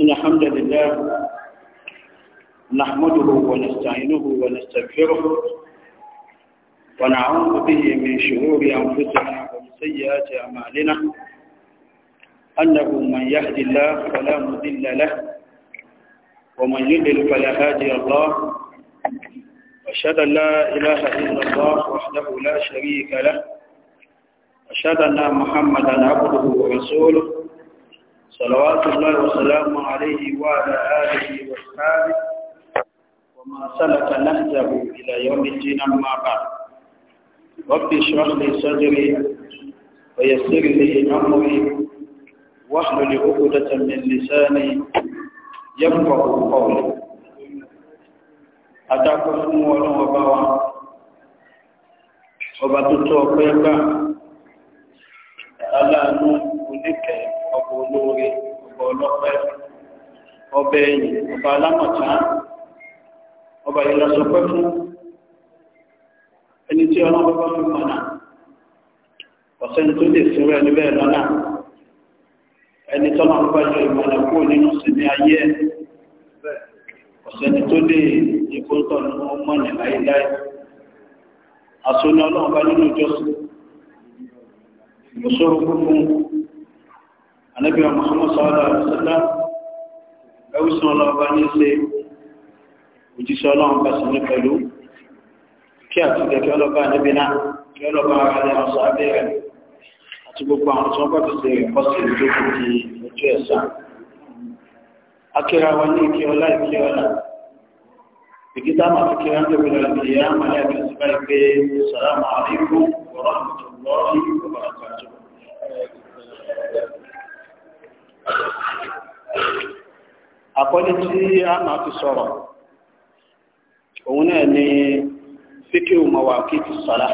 إن الحمد لله نحمده ونستعينه ونستغفره ونعوذ به من شرور أنفسنا ومن سيئات أعمالنا أنه من يهد الله فلا مضل له ومن يضلل فلا هادي الله أشهد أن لا إله إلا الله وحده لا شريك له أشهد أن محمدا عبده ورسوله صلوات الله وسلامه عليه وعلى آله وصحبه ومن سلك نهجه إلى يوم الدين أما بعد رب اشرح لي صدري ويسر لي أمري واحلل عقدة من لساني يفقه قولي أتاكم ولو وبوا وبتوتو بيبا aláàánú oníkẹ̀ẹ́ ọkọ̀ olóore ọkọ̀ ọlọ́pẹ́ ọba ẹ̀yìn ọba alámọ̀tá ọba yìí lọ́sọ pẹ́ fún ẹni tí ọlọ́run bá fi mọ̀nà ọ̀sẹ́ni tó lè fún ẹni bẹ́ẹ̀ lọ́nà ẹni tọ́lá ń bá yọ ìmọ̀nà kú nínú sinmi ayé ẹ̀ ọ̀sẹ̀ni tó lè ìkóńtọ̀ ní wọ́n mọ̀ ní láéláé àsọ̀nà ọlọ́run bá nínú ìjọsìn ìmọ̀sọ́rọ̀ fúnfún anabi wa muhammad sallallahu alaihi wa sallam ẹwù sọ ọlọ́run bá ní ṣe òjíṣẹ́ ọlọ́run bá sí ní pẹ̀lú kí àtúndẹ kí ọlọ́ba anabi náà kí ọlọ́ba ara rẹ̀ ọ̀sọ̀ abẹ́rẹ́ àti gbogbo àwọn tó ń bọ̀ tẹ̀sẹ̀ ẹ̀kọ́ sí ìlú tó ti ojú ẹ̀sà akíra wa ní ìkí ọlá ìkí ọlá ìkítà máa fi kíra ń gbé wílọ ìdíyà máa yà kí ó sì báyìí pé sàlámù aláìkú àkọ́lé tí a máa fi sọ̀rọ̀ òun náà ni fíkíù mọ̀wàkí ti sọ̀rá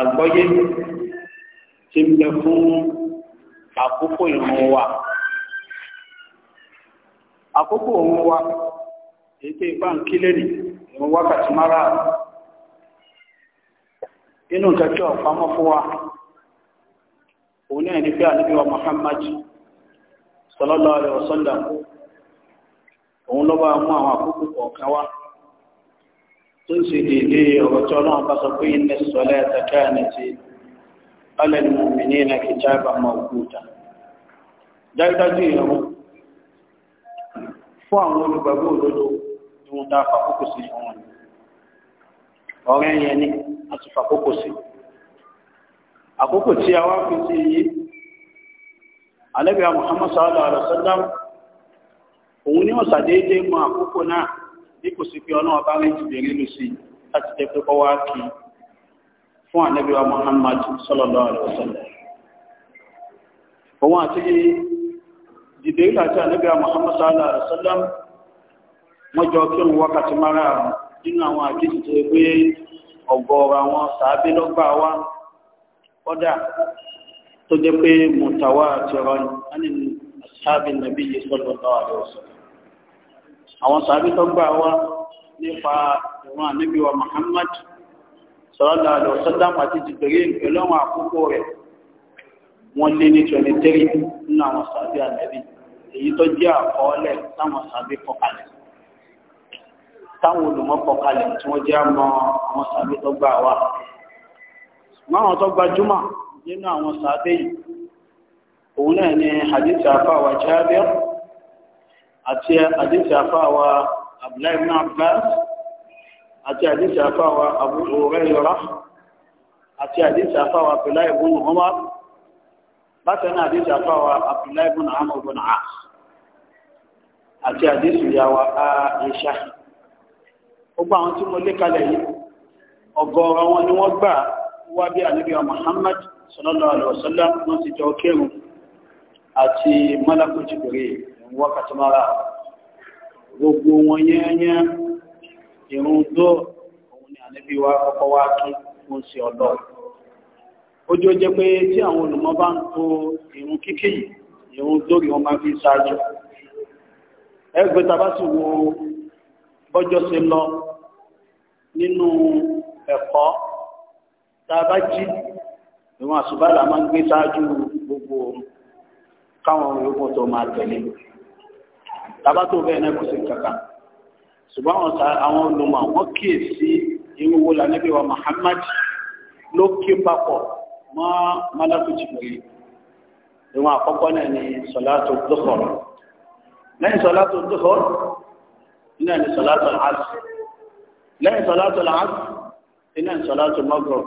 àgbọ́yé ti ń fún àkókò ìrun wa àkókò òun wa èyí tí ipá ń kílé nì ìrun wákàtí mara inú kẹjọ pamọ́ fún wa òun náà ni sallallahu alaihi wasallam òun ló bá mú àwọn àkókò kọ̀ọ̀kan wá tó ń ṣe dédé ọ̀rọ̀ tí ọlọ́run bá sọ pé inna salata kanati ala al-mu'minina kitaban mawquta dájúdájú ìrún fún àwọn olùgbàgbọ́ òdodo tí wọ́n dá fàkókò sí fún wọn ọ̀rẹ́ yẹn ni a ti fàkókò sí àkókò tí a wá fi sí yìí ànábì Muhammadu sallallahu alaihi wasallam òun ní ọ̀sà déédé mọ àkókò náà bí kò sí pé ọ̀nà ọba rẹ̀ ti bèrè lù sí láti jẹ́ pé kí fún Muhammad alaihi wasallam òun àti dìde ìlà àti ànábì Muhammad sallallahu alaihi wasallam tó jẹ́ pé mọ̀tàwá àti ọ̀rọ̀ ní sábì nàbí yìí sọ́dọ̀ náà lọ sọ. àwọn sàbí tó gbà wá nípa ìwọn ànábì wa Muhammad sọ́dọ̀ àlọ́ sọ́dọ̀ àti jìbìrì pẹ̀lú àwọn àkókò rẹ̀ wọ́n lé ní twenty three nínú àwọn sàbí ànábì èyí tó jẹ́ àkọọ́lẹ̀ táwọn sàbí kọkalẹ̀ táwọn olùmọ̀ kọkalẹ̀ tí wọ́n jẹ́ àmọ́ àwọn sàbí tó gbà wá. máwọn tó gbajúmọ̀ nínú àwọn sàábé yìí òun náà ni hadith àfáwà Jabir àti hadith àfáwà Abdullahi ibn Abbas àti hadith àfáwà Abu Hurairah àti hadith àfáwà Abdullahi ibn Umar bákan náà hadith àfáwà Abdullahi àti hadith ìyàwó Aisha gbogbo àwọn tí mo lé kalẹ̀ yìí ọ̀gọ̀ọ̀rọ̀ wọn ni wọ́n gbà wá bí ànábì Muhammad sallallahu alaihi wasallam wọ́n ti jọ kírun àti mọ́lákù jìbìrì wákàtí mara gbogbo wọn yẹ́yẹ́ ìrun tó òun ni ànábì wa kọ́kọ́ wá kí wọ́n sí ọ̀dọ́ ojú ó jẹ́ pé tí àwọn olùmọ́ bá ń ìwọ̀n àṣùbá là máa ń gbé ṣáájú gbogbo káwọn yòókù tó máa tẹ̀lé tàbá tó bẹ́ẹ̀ náà kò sí kankan ṣùgbọ́n àwọn olùmọ̀ wọ́n kíyèsí irú wo lànàbí wa Muhammad ló kí papọ̀ mọ́ malaku Jibril ìwọ̀n àkọ́kọ́ náà ni sọ̀látò duhur lẹ́yìn sọ̀látò duhur iná ni sọ̀látò al-asr lẹ́yìn sọ̀látò al-asr iná ni sọ̀látò maghrib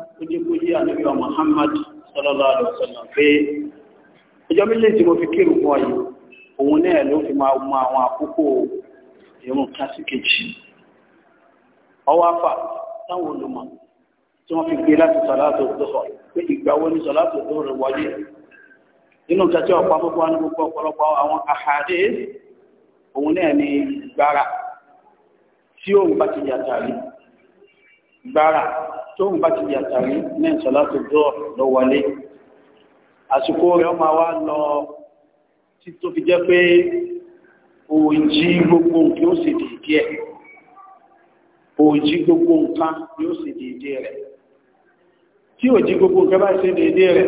tó jẹ́ kó yí ànábì wa Muhammad sallallahu alaihi wasallam pé ọjọ́ méjèèjì mo fi kírun fún ọyìn òun náà ló fi máa mọ àwọn àkókò ìrun kásìkejì ọwọ́ afa táwọn olùmọ̀ tí wọ́n fi gbé láti sọ̀láàtò òdòhọ̀ pé ìgbà wo ni sọ̀láàtò òdòhọ̀ rẹ̀ wọlé nínú kẹtí ọ̀pá púpọ̀ ní gbogbo ọ̀pọ̀lọpọ̀ àwọn àhàdé òun náà ni gbára tí òun bá ti yàtàrí gbára tóun bá ti yàtàrí ní ìsọ̀lá tó dọ́ lọ wọlé àsìkò rẹ̀ ọmọ wa lọ tí tó fi jẹ́ pé òjì gbogbo nǹkan ó sì dìde ẹ̀ òjì gbogbo nǹkan yóò sì dìde rẹ̀ tí òjì gbogbo nǹkan bá sì dìde rẹ̀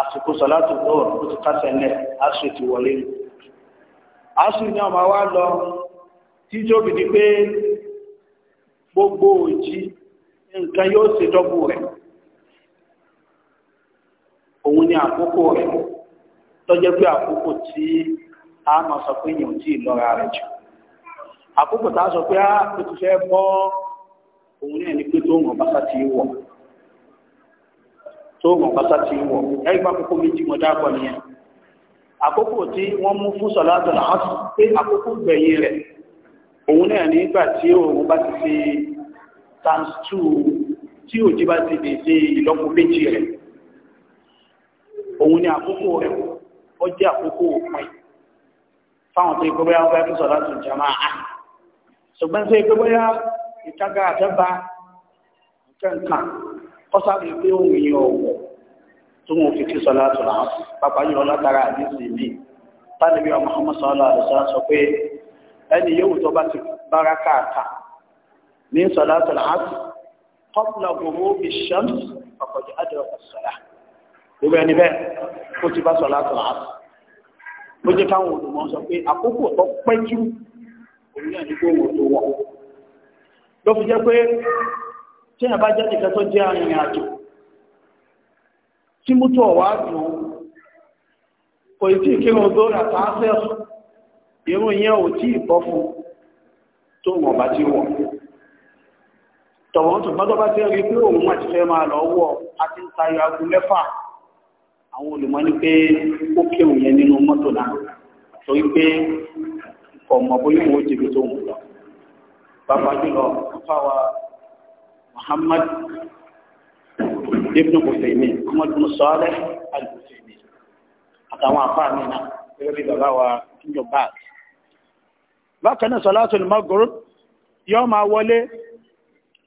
àsìkò sọ̀lá tó dọ́ ó ti kásẹ̀ lẹ̀ aṣọ ti wọlé aṣọ ni ọmọ wa lọ tí tó fi di pé gbogbo òjì nǹkan yóò ṣe dọ́gbù rẹ̀ òun ni àkókò rẹ̀ tọ́jẹ́ pé àkókò tí a mọ̀ sọ pé èèyàn tí ì rẹ̀ jù àkókò tá a sọ pé ó ah, ti fẹ́ bọ́ òun ní ẹni pé tó sá ti wọ̀ tó ti wọ̀ wọn nìyẹn àkókò tí wọ́n mú fún sọ̀lá pé àkókò gbẹ̀yìn rẹ̀ times two tí òjì bá ti dèdè ìlọ́po méjì rẹ̀ òun ni àkókò rẹ̀ ó jẹ́ àkókò òpin fáwọn tó ikú bóyá wọ́n fẹ́ sọ̀rọ̀ láti jama á ṣùgbọ́n tó ikú bóyá ìtaga àtẹ́bá kẹ́ǹkan kọ́sàbí pé òun yìí ọ̀wọ̀ tó wọn fi kí sọ̀rọ̀ láti rà pápá yìí ọlọ́tara tá mi tálíbí ọmọ ọmọ sọ̀rọ̀ àdìsá sọ pé ẹni yóò tó bá ti bára káàkiri ní sọ̀látọ̀ láti kọ́pùlà gbogbo ìṣẹ́m ọ̀pọ̀jù adìrọ̀pọ̀ sọ̀lá gbogbo ẹni bẹ́ẹ̀ kó ti bá sọ̀látọ̀ láti ó jẹ́ káwọn olùmọ̀ sọ pé àkókò tó pẹ́ jù òun náà ní gbogbo tó wọ̀ ló fi jẹ́ pé tí èèyàn bá jẹ́ nìkan tó jẹ́ arìnrìn àjò tí mútu ọ̀wá dùn kò tí ì kírun tó rà sáà fẹ́ irun yẹn ò tí ì bọ́ fún tó wọ̀n bá ti wọ̀ tọ̀wọ́n tó gbọ́dọ̀ bá ti rí pé òun àti fẹ́ máa lọ wọ̀ àti ń tayọ aago mẹ́fà àwọn olùmọ̀ ní pé ó kéwù yẹn nínú mọ́tò náà torí pé ọmọ bóyá òun ó jẹbi tó ń lọ bàbá jùlọ fáwa Muhammad ibn Kùsèmí Muhammad bin Salih al-Kùsèmí àtàwọn àfáà mi náà gẹ́gẹ́ bí bàbá wa ń jọ báàgì bákan náà salatul maghrib yóò máa wọlé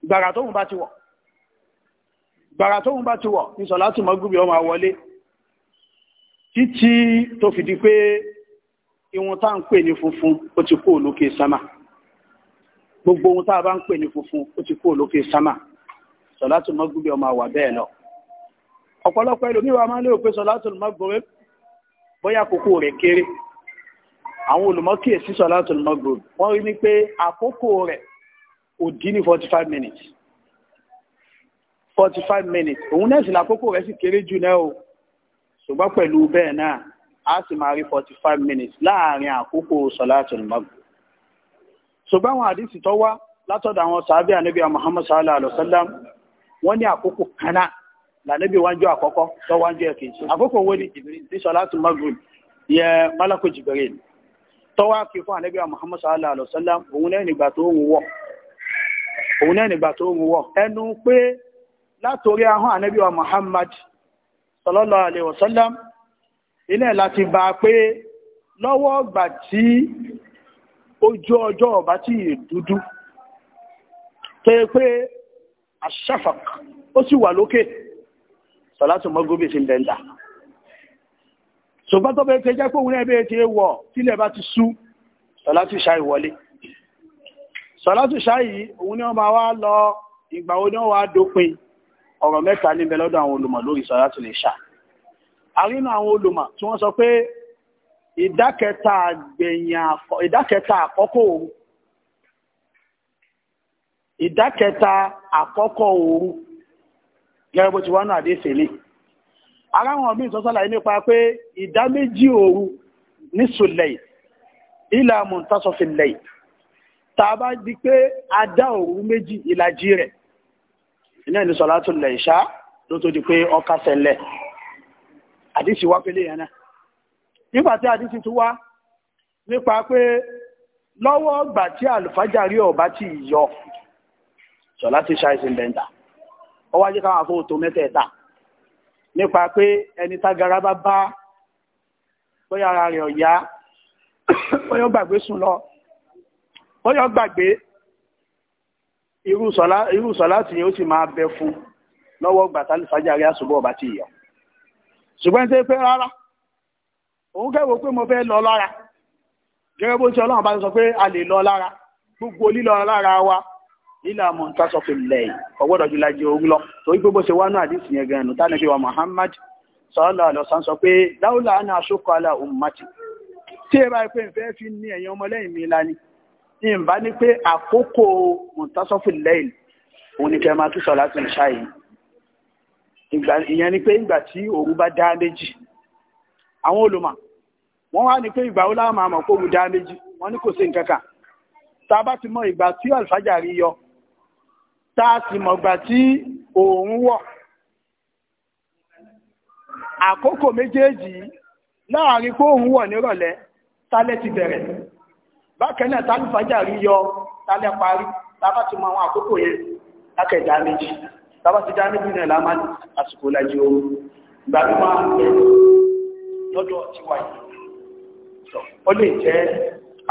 gbàrà tóun bá ti wọ̀ gbàrà tóun bá ti wọ̀ ní sọ̀lá tí mọ́gúbì ọmọ wọlé títí tó fi di pé ìwọ̀n tá ń pè ní funfun ó ti kó olókè sámà gbogbo ohun tá a bá ń pè ní funfun ó ti kó olókè sámà sọ̀lá tí mọ́gúbì ọmọ wà bẹ́ẹ̀ lọ ọ̀pọ̀lọpọ̀ ẹlòmíwà máa ń lérò pé sọ̀lá tó mọ́gbòrè bóyá àkókò rẹ̀ kéré àwọn olùmọ́kíyèsí sọ̀lá tó mọ́gbòrè wọ́n rí ní pé àkókò rẹ̀ òdí ní 45 minutes 45 minutes òun náà sì lákòókò rẹ̀ sì kéré jù náà o ṣùgbọ́n pẹ̀lú bẹ́ẹ̀ náà a sì máa rí 45 minutes láàrin àkókò sọ̀láàtì olùmọ̀gbù ṣùgbọ́n àwọn àdìsí tó wá látọ̀dọ̀ àwọn sàábì ànábì Muhammad sallallahu alaihi wasallam wọ́n ní àkókò kanáà lànàbí wájú àkọ́kọ́ tó wájú ẹ̀kejì àkókò wo ni Jibril ti sọ̀láàtì olùmọ̀gbù yẹ malako Jibril tó wá ànábì Muhammad sallallahu alaihi wasallam òun náà nígbà tó ń wọ̀ òun náà nígbà tó rú wọ ẹnu pé látorí ahọ́n ànábì Muhammad sallallahu alaihi wasallam iná láti bá pé lọ́wọ́ ọgbà tí ojú ọjọ́ ọba tí dúdú tó yẹ pé aṣáfàk ó sì wà lókè sọ̀látù mọ́góbì sí bẹ̀ndà ṣùgbọ́n tó bẹ́ẹ̀ tẹ́ jẹ́ pé òun náà bẹ́ẹ̀ tẹ́ wọ̀ sílẹ̀ bá ti sú sọ̀látù ṣáì wọlé sọ́látù ṣáyí òun ni wọ́n bá wá lọ ìgbà wo ni wọ́n wá dópin ọ̀rọ̀ mẹ́ta níbẹ̀ lọ́dọ̀ àwọn olùmọ̀ lórí sọ́látù lè ṣá àrínú àwọn olùmọ̀ tí wọ́n sọ pé ìdákẹta àkọ́kọ́ òru ìdákẹta àkọ́kọ́ òru gẹ́gẹ́ bó ti wá náà dé sèlé ara wọn bí ìtọ́sọ́lá nípa pé ìdá méjì òru ní sùlẹ̀ ìlà mùntásọ́fìlẹ̀ yìí tá a bá di pé a dá òru méjì ìlàjì rẹ̀ iná ní sọ̀látùl ìṣá ló tó di pé ọkà sẹlẹ̀ àdìsí wá pélé yẹn náà nígbà tí àdìsí tún wá nípa pé lọ́wọ́ ọgbà tí àlùfájàrí ọba ti yọ sọ̀látù ìṣá ìsìn bẹ́ńtà ó wá jẹ́ káwọn afọ́tò mẹ́tẹ̀ẹ̀ta nípa pé ẹni tágara bá bá bóyá ara rẹ̀ ọ̀yá bóyá ó gbàgbé sùn lọ bóyá gbàgbé irú sọ̀lá tí ma sì máa bẹ fún lọ́wọ́ gbàtà fàjàrí àṣùbọ̀ ọba ti yọ ṣùgbọ́n tẹ́ pé rárá òun kẹ́wọ́ pé mo fẹ́ lọ lára gẹ́gẹ́ bó ṣe ọlọ́run bá sọ pé a lè lọ lára gbogbo wa nílà jùlọ jẹ orí lọ torí pé bó ṣe wá àdìsí yẹn wa Muhammad sọ pé alá tí ẹ bá ń fi ní ẹ̀yìn ọmọlẹ́yìn mi ìbá ní pé àkókò mọ̀tásọ́fù lẹ́yìn òun ni kẹ́ máa tún sọ láti ìṣá yìí ìyẹn ni pé ìgbà tí òru bá dá méjì àwọn olùmọ̀ wọ́n wá ní pé ìgbà ó láwọn máa mọ̀ pé òru dá méjì wọ́n ní kò sí nǹkan kan tá a bá ti mọ ìgbà tí àlùfájà rí yọ tá a sì mọ̀ ìgbà tí òòrùn wọ̀ àkókò méjèèjì láàrin kó òòrùn wọ̀ nírọ̀lẹ́ tálẹ́ ti bẹ̀rẹ̀ bákan náà tá nífàjà rí yọ tálẹ́ parí tábà ti mọ àwọn àkókò yẹn lákẹ̀dá méjì tábà ti dá méjì náà lámà àsìkò làjì ooru ìgbà máa ń bẹ lọ́dọ̀ ti wà yìí ó lè jẹ́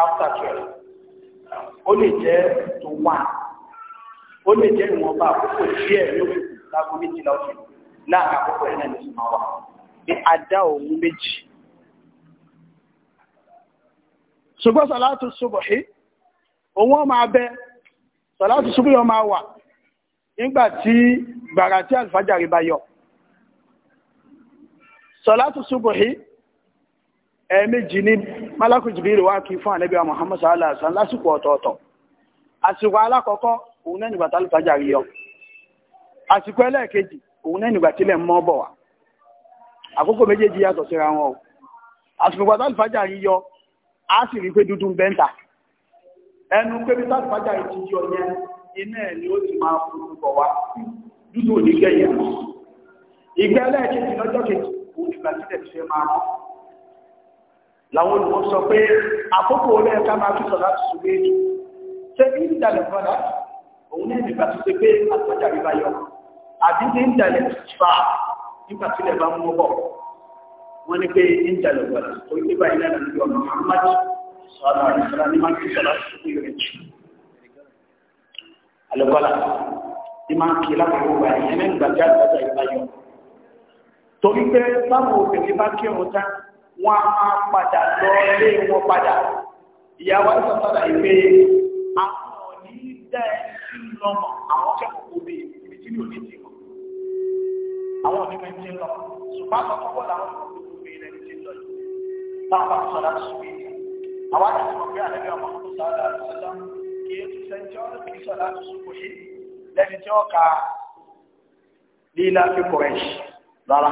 after twelve ó lè jẹ́ tó wà ó lè jẹ́ ìwọ̀nba àkókò díẹ̀ lókè lágbo méjìlá òfin láàrin àkókò yẹn náà ní ìsìn máa wà ní adá òun méjì ṣùgbọ́n sàlátù ṣubùhí òun ọmọ abẹ́ sàlátù ṣubùhí ọmọ wà nígbà tí gbàrà tí alfajari bá yọ sàlátù ṣubùhí ẹ̀ẹ̀mejì ní malakú wá kí fún ànábì Muhammad sallallahu alaihi wasallam lásìkò ọ̀tọ̀ọ̀tọ̀ àsìkò alákọ̀ọ́kọ́ òun náà nígbà tí alfajari yọ àsìkò ẹlẹ́ẹ̀kejì òun náà alfajari yọ á sì rí pé dúdú ń bẹ́ńtà ẹnu pé bí sáà fàájà yìí ti yọ yẹn iná ẹ̀ ni ó ti máa fún bọ̀ wá dúdú òní gbẹ̀yẹ̀ ìgbẹ́ ẹlẹ́ẹ̀kejì lọ́jọ́ kejì òun ìgbà tí tẹ̀ ṣe máa mọ́ làwọn olùkọ́ sọ pé àkókò olóẹ̀ká máa fi sọ láti sùn méjì ṣé kí ń dalẹ̀ fọ́dà òun ní ìgbà tó pé àtọ́jà rí bá yọ àbí ní ń dalẹ̀ fà nígbà tí ilẹ̀ bá mú bọ̀ wọ́n ní pé ń jalè wà ó ní báyìí náà lórí ọmọ Muhammad sọ́nà àdìsára ní máa ń sọ̀rọ̀ sókè rẹ̀ jù. àlùkọ́lá ní máa ń kí lápapọ̀ wà ní ẹni gbàjá àgbàjá ìbáyọ̀. torí pé báwo obìnrin bá kí òun tán wọ́n á máa padà lọ lé wọn padà. ìyàwó àìsàn sọ̀rọ̀ àwọn òní dá ẹni sí bàbá sọ̀rọ̀ àṣùwé àwọn àti mọ̀ pé àlẹ́bí ọmọ ọmọ sọ̀rọ̀ àṣùwé kì í tún sẹ́ńtì ọ̀rọ̀ kì í sọ̀rọ̀ àṣùwé yìí lẹ́ni tí ó ka lílá fi kọ̀ ẹ̀ṣì rárá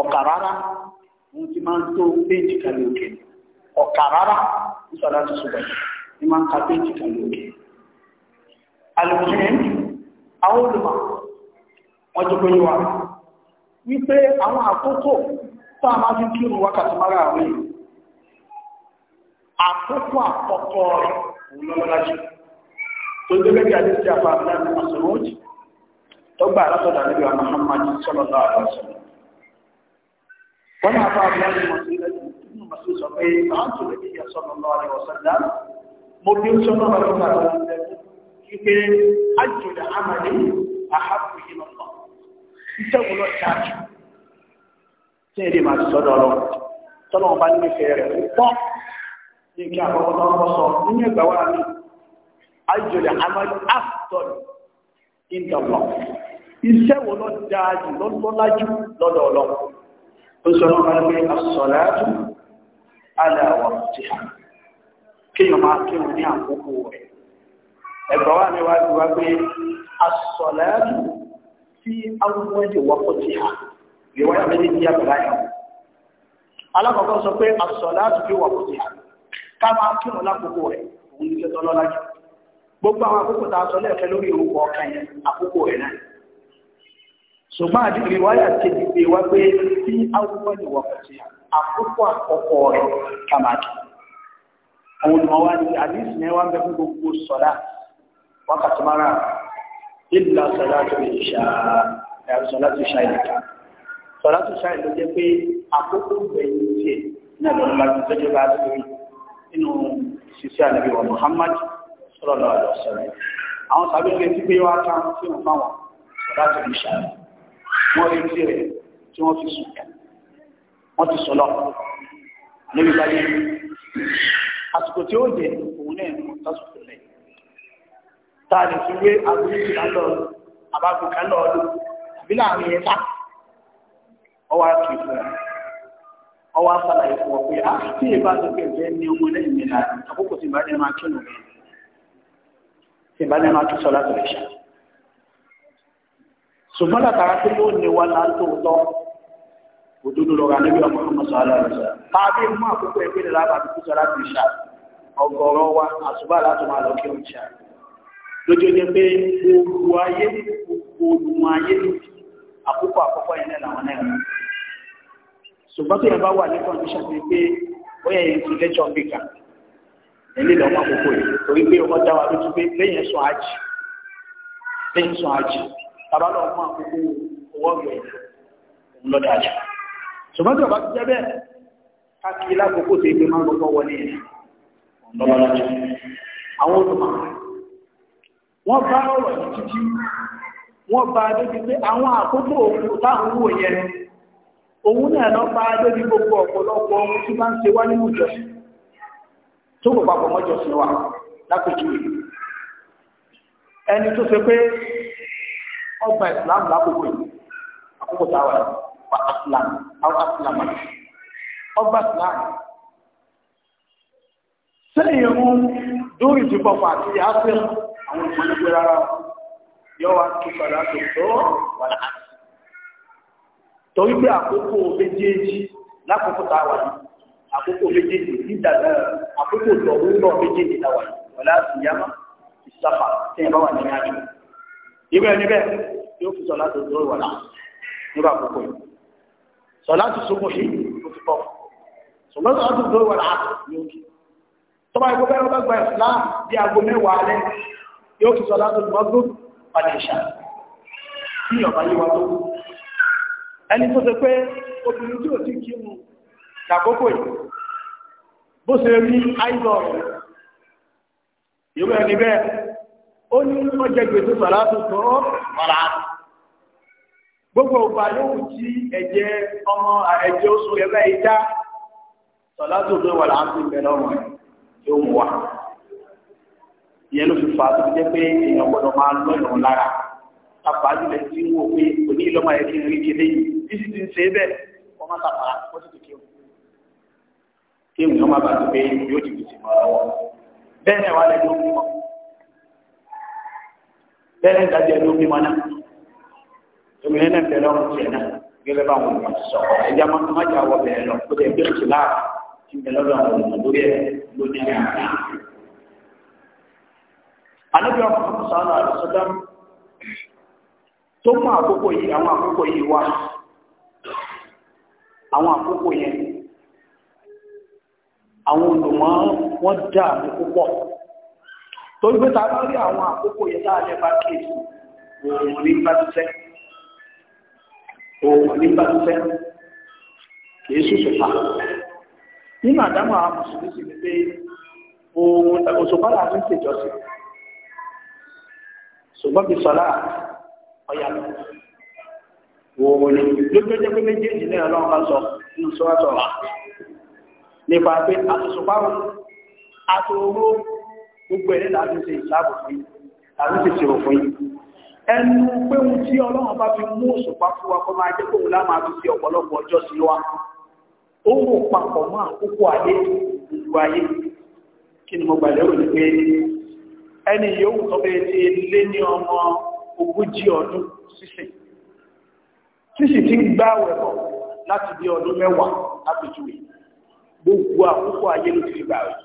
ọ̀kà rárá wọ́n ti máa ń tó péjì kan lókè ọ̀kà rárá ń sọ̀rọ̀ àṣùwé ni máa ń ka péjì kan lókè. alùpùpù àwọn olùmọ̀ wọ́n ti wípé àwọn àkókò táà máa fi kírun wákàtí mara àwẹ̀ àkókò àkọ́kọ́ rẹ̀ lọ́lọ́lájú tó dé lẹ́gbẹ̀ẹ́ àti sí àpá àbúrà ní masoroj tó gbà látọ̀dà níbi Muhammad sallallahu alaihi wasallam wọ́n ní àpá àbúrà ní masoroj nínú tí èdè máa ti sọ́dọ̀ lọ tọ́lọ̀ ọba ní ìfẹ́ rẹ̀ púpọ̀ ní kí àkọ́kọ́ tó ń sọ nínú ìgbà wà ní àjọyọ̀ amadu afton ìdọ̀lọ̀ iṣẹ́ wo ló dáa jù lọ́lọ́lájú lọ́dọ̀ lọ ó sọ lọ́wọ́ pé àsọ̀láàtù aláwọ̀ ti hà kéèyàn máa kéwòn ní àkókò rẹ̀ ẹ̀gbọ́ wà ní wájú wá pé àsọ̀láàtù sí awúwẹ́dì wọ́pọ̀ ti hà ìwáyà méjì ní àbúráyà alákọ̀ọ́kọ́ sọ pé àṣọ láti fi wà kòtì ká máa kírun lákòókò rẹ̀ òun ní kẹtọ́ lọ́lá jù gbogbo àwọn àkókò tá a sọ lẹ́ẹ̀kẹ́ lórí orúkọ ọkàn yẹn àkókò rẹ̀ náà ṣùgbọ́n àdìgbò ìwáyà kejì pé wá pé tí arúgbó ni wà kòtì àkókò àkọ́kọ́ rẹ̀ ká máa kí òun ni wọ́n wá ní àdìsí yẹn wá bẹ fún gbogbo sọ̀lá wákàtí mara ìlú àṣọ láti fi ṣà ẹ̀ àṣọ láti ìlú kan sọlá tó ṣáà ló jẹ pé àkókò gbẹ̀yìn tiẹ̀ ní àwọn ọmọdé sọjọ bá tó rí nínú ṣiṣẹ́ àlejò wa Muhammad sọlọ lọ àlọ sọlá àwọn sábẹ ilé tí pé wàá tán tí wọn fáwọn sọlá tó ń ṣáà wọn rí tí rẹ tí wọn fi sùn wọn ti sọlọ níbi báyìí àsìkò tí ó jẹ òun náà ní mọtàsùkò lẹ táà lè fi wé àbúrò ìlànà àbábùkà lọọdún àbí láàrin ẹ̀ta ọwọ́ àti fún ọ ọwọ́ àfàlàyé fún ọ pé a ah, tí ìbá tó kẹ̀ fẹ́ ní ọmọ lẹ́yìn mi láti àkókò tí ìbálẹ̀ máa kí nù mí tí ìbálẹ̀ máa kí sọlá tẹ̀lé ṣá ṣùgbọ́n látara pé yóò ní wa náà tó tọ́ òdodo lọ́ra níbi ọmọ ọmọ sọlá rẹ̀ sọ tàbí mú àkókò ẹgbẹ́ rẹ̀ lábàá kí sọlá tẹ̀lé ṣá ọgọ́rọ̀ wa àṣùbà láti máa lọ kí òun ṣá lójú ẹjẹ pé gbogbo ayé gbogbo olùmọ ayé àkókò àkọ́kọ́ yẹn náà làwọn náà ṣùgbọ́n tí ìyàbá wà ní kọ́ndíṣàn ti pé ó yẹ yìí ti lẹ́jọ́ bí kan ilé àkókò yìí torí pé ọmọ dá wa lójú pé lẹ́yìn sùn àjì lẹ́yìn sùn àjì bàbá lọ mọ àkókò owó ọ̀gbẹ̀ òun lọ́dọ̀ àjì ṣùgbọ́n tí ọba ti jẹ́ bẹ́ẹ̀ káàkiri lákòókò tó ìgbé máa ń lọ́kọ́ wọlé yẹn òun lọ́dọ̀ àjì àwọn olùmọ̀ wọ́n bá ọ̀rọ̀ yìí títí wọ́n bá a débi pé àwọn àkókò òkú táwọn wò yẹn òun náà lọ bá lórí gbogbo ọ̀pọ̀lọpọ̀ ohun tí bá ń ṣe wá nínú ìjọsìn tó kò papọ̀ mọ́jọsìn wa lápèjúwe ẹni tó ṣe pé ọgbà ìsìlámù lákòókò àkókò táwa ọgba wà áṣìlámù àwọn ọgbà ìsìlámù sẹ́yìn ohun dórí ti pọ̀pọ̀ àti àwọn rárá yọ wa padà torí pé àkókò méjèèjì lákòókò tá a wà yìí àkókò méjèèjì nígbàgbọ́ àkókò ìtọ̀wé náà méjèèjì náà wà yìí wọlé àtìyámá ìsáfà tí ẹ bá wà nínú àjò ìwé ẹni bẹ́ẹ̀ yóò fi sọ láti dúró wà náà nígbà àkókò yìí sọ láti sọmọ yìí ló ti pọ̀ ṣùgbọ́n sọ láti dúró wà náà ní òkè tọ́ba ìgbó bẹ́ẹ̀ bá gba ìfúlá bí aago mẹ́wàá alẹ́ yóò fi sọ láti mọ́gbó padà ìṣà ẹni tó ṣe pé obìnrin tí ò ti kí mu làkókò yìí bó ṣe rí àìsàn rẹ̀ ìwé ẹni bẹ́ẹ̀ ó ní ọjọ́ gbèsè sọ̀rọ̀ àtúntò ọ̀rá gbogbo ọba yóò jí ẹ̀jẹ̀ ọmọ ẹ̀jẹ̀ oṣù ẹgbẹ ìdá sọlátò tó wà láti bẹ̀rẹ̀ ọmọ ẹ yóò wà ìyẹn ló fi fà á tó fi jẹ pé èèyàn gbọ́dọ̀ máa lọ lára àpàlùlẹ̀ tí ń wò pé kò ní ìlọ́mọ ẹ̀ kí n rí ilé yìí bí sì ti ń ṣe é bẹ́ẹ̀ wọ́n má tàpá wọ́n sì ti kí òun kí èmi náà má bàtú pé yóò ti fi sìnkú ọ̀rọ̀ wọn bẹ́ẹ̀ náà wà lẹ́nu omi mọ́ bẹ́ẹ̀ náà dájú ẹni omi náà èmi náà bẹ̀rẹ̀ ọ̀rọ̀ tiẹ̀ náà gẹ́gẹ́ bá àwọn ènìyàn sọ ẹja má má jà wọ bẹ̀rẹ̀ lọ kó tẹ̀ gbé ìtura ti bẹ̀rẹ̀ lọ́dọ̀ àwọn ènìyàn tó mú àkókò yìí àwọn àkókò yìí wá àwọn àkókò yẹn àwọn olùmọ̀ wọn dá àmì púpọ̀ torí pé ta bá rí àwọn àkókò yẹn láàrin bá kéèsì òòrùn ní bá ti fẹ́ òòrùn ní bá ti fẹ́ kìí ṣùṣùpá nínú àdámọ̀ àwọn mùsùlùmí sì ni pé òòrùn òṣùpá làwọn ń ṣèjọsìn ṣùgbọ́n bí sọlá ọ̀yà wòwò ni lójoojú pé méjèèjì náà lọ́wọ́ bá sọ nínú sọ́wọ́sọ̀ wa nípa pé àtòsùpáwò àtòwò gbogbo ẹ̀ nílà àti ṣe ìṣàbò fún yìí àti ṣe ìṣirò fún yìí ẹnu pé ohun tí ọlọ́run bá fi mú òṣùpá fún wa kọ́ máa jẹ́ kóhun lá máa fi fi ọ̀pọ̀lọpọ̀ ọjọ́ sí wa ó wò papọ̀ mọ́ àkókò ayé gbogbo ayé kí ni mo gbà lérò ní pé ẹni yòówù tó bẹ́ẹ̀ ti lé ní ọmọ ogójì ọdún sísìn sísìn tí ń gbá ẹ̀kọ́ láti bí ọdún mẹ́wàá lápẹjúwe gbogbo àkókò ayé ló ti fi gbà rẹ̀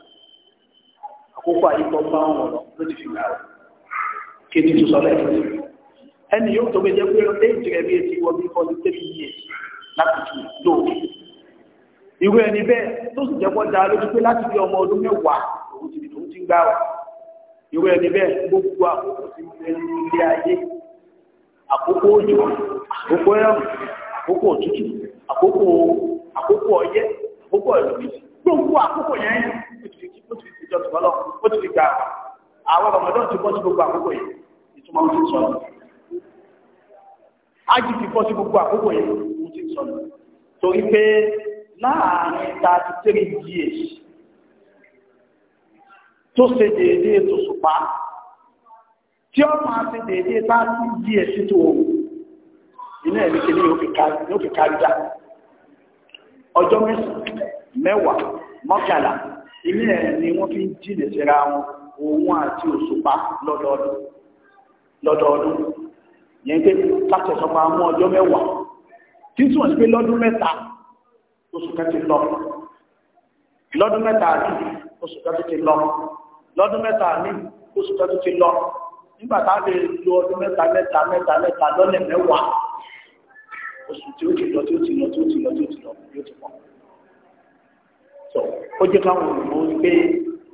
àkókò ayé tó bá wọn lọ ló ti fi gbà rẹ̀ kéde tó sọ lẹ́yìn ẹni yóò tó bẹ jẹ́ pé éjì rẹ̀ bí etí wọ́n bí fọ́dún tẹ́lẹ̀ yìí lápẹjúwe lóòótọ́ irú ẹni bẹ́ẹ̀ tó sì jẹ́ kọ́ da lójú pé láti bí ọmọ ọdún mẹ́wàá òun ti gbà rẹ̀ irú ẹni bẹ́ẹ̀ gbogbo àkókò tí ń bẹ ní ilé ayé àkókò òjò àkókò ẹ̀rùn àkókò òtútù àkókò àkókò ọyẹ́ àkókò ẹ̀lòmísì gbogbo àkókò yẹn yẹn ó ti fi ó ti fi jọ tìmọ́ lọ ó ti fi gbà àwọn ọmọdé ti bọ́ sí gbogbo àkókò yẹn ìtumọ̀ ó ti sọ lọ. ájì ti bọ́ sí gbogbo àkókò yẹn ó ti sọ lọ. torí pé láàárín thirty three tó ṣe déédé tó ṣùpá tí ó máa ṣe déédé bá sí bí ẹ̀sí tó wò iná ẹ̀mí kìíní yóò fi kárí já ọjọ́ mẹ́sàn-án mẹ́wàá mọ́kànlá ilé ẹ̀ ni wọ́n fi ń jìnà síra wọn òun àti òṣùpá lọ́dọọdún lọ́dọọdún yẹn pé látọ̀sọ́pá mú ọjọ́ mẹ́wàá títún sí pé lọ́dún mẹ́ta oṣù kẹtì lọ lọ́dún mẹ́ta àti oṣù kẹtì lọ lọ́dún mẹ́ta ní oṣù tó ti lọ nígbà tá lè lo ọdún mẹ́ta mẹ́ta mẹ́ta mẹ́ta lọ́lẹ̀ mẹ́wàá oṣù tí ó ti lọ tí ó ti lọ tí ó ti lọ tí ó ti lọ yóò ti pọ̀. sọ ó jẹ́ káwọn olùkọ́ ń gbé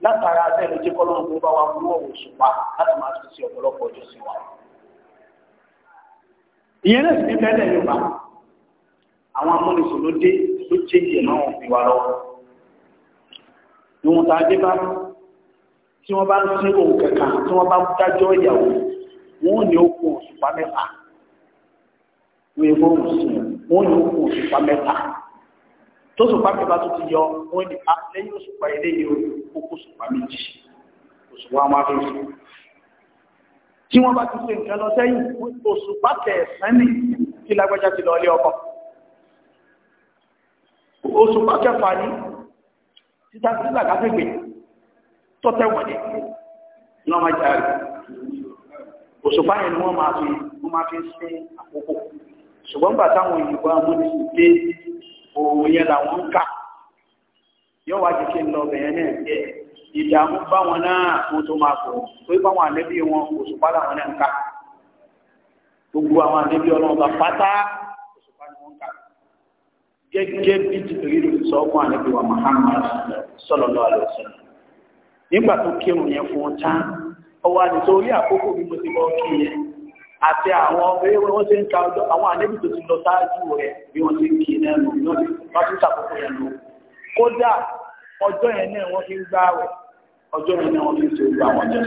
látara abẹ́rẹ́ jẹ́ kọ́lọ́run tó bá wa mú ọ̀wọ̀ ṣùpá láti máa tún sí ọ̀pọ̀lọpọ̀ ọjọ́ sí wa. ìyẹn náà sì ní bẹ́ẹ̀ Yorùbá àwọn amúnisìn ló dé ló chéjì náà fi wa lọ tí wọ́n bá ń sí ohun kẹ̀kà tí wọ́n bá ń dájọ́ ìyàwó wọ́n ní ó kún òṣùpá mẹ́ta wọ́n èèmọ̀ òṣù wọ́n ní ó kún òṣùpá mẹ́ta tó ṣùpá mẹ́ta tó ti yọ wọ́n ní lẹ́yìn òṣùpá ilé yìí ó kún òṣùpá méjì òṣùpá wọn fi sùn tí wọ́n bá ti ṣe nǹkan lọ sẹ́yìn òṣùpá kẹsàn-án ní kí lágbájá ti lọ ilé ọkọ òṣùpá kẹfà ní títà títà káfíńgbè tọ́tẹ́ wọ̀nyẹ náà máa jà rí òṣùpá yẹn ni wọ́n máa fi wọ́n máa fi sí àkókò ṣùgbọ́n nígbà táwọn òyìnbó amúnisìn dé òun yẹn làwọn ń kà yóò wá jẹ́ kí n lọ bẹ̀yẹn náà jẹ́ ìdààmú báwọn náà kó tó máa kọ̀ pé báwọn àlébí wọn òṣùpá làwọn náà ń kà gbogbo àwọn àlébí ọlọ́run bá pátá òṣùpá ni wọ́n ń kà gẹ́gẹ́ bí jìbìrì sọ fún àlébí wa Muhammad sallallahu alaihi wasallam nígbà tó kírun yẹn fún wọn tán ọwọ́ àdìsórí àkókò bí mo ti bọ́ kí yẹn àti àwọn ọmọdé wọ́n ti ń ka ọjọ́ àwọn àdébì tó ti lọ sáájú rẹ̀ bí wọ́n ti kí náà nù náà wọ́n ti ń sàkókò yẹn lò kódà ọjọ́ yẹn náà wọ́n fi ń gbá rẹ̀ ọjọ́ yẹn náà wọ́n fi ń ṣe gbá wọn jẹ́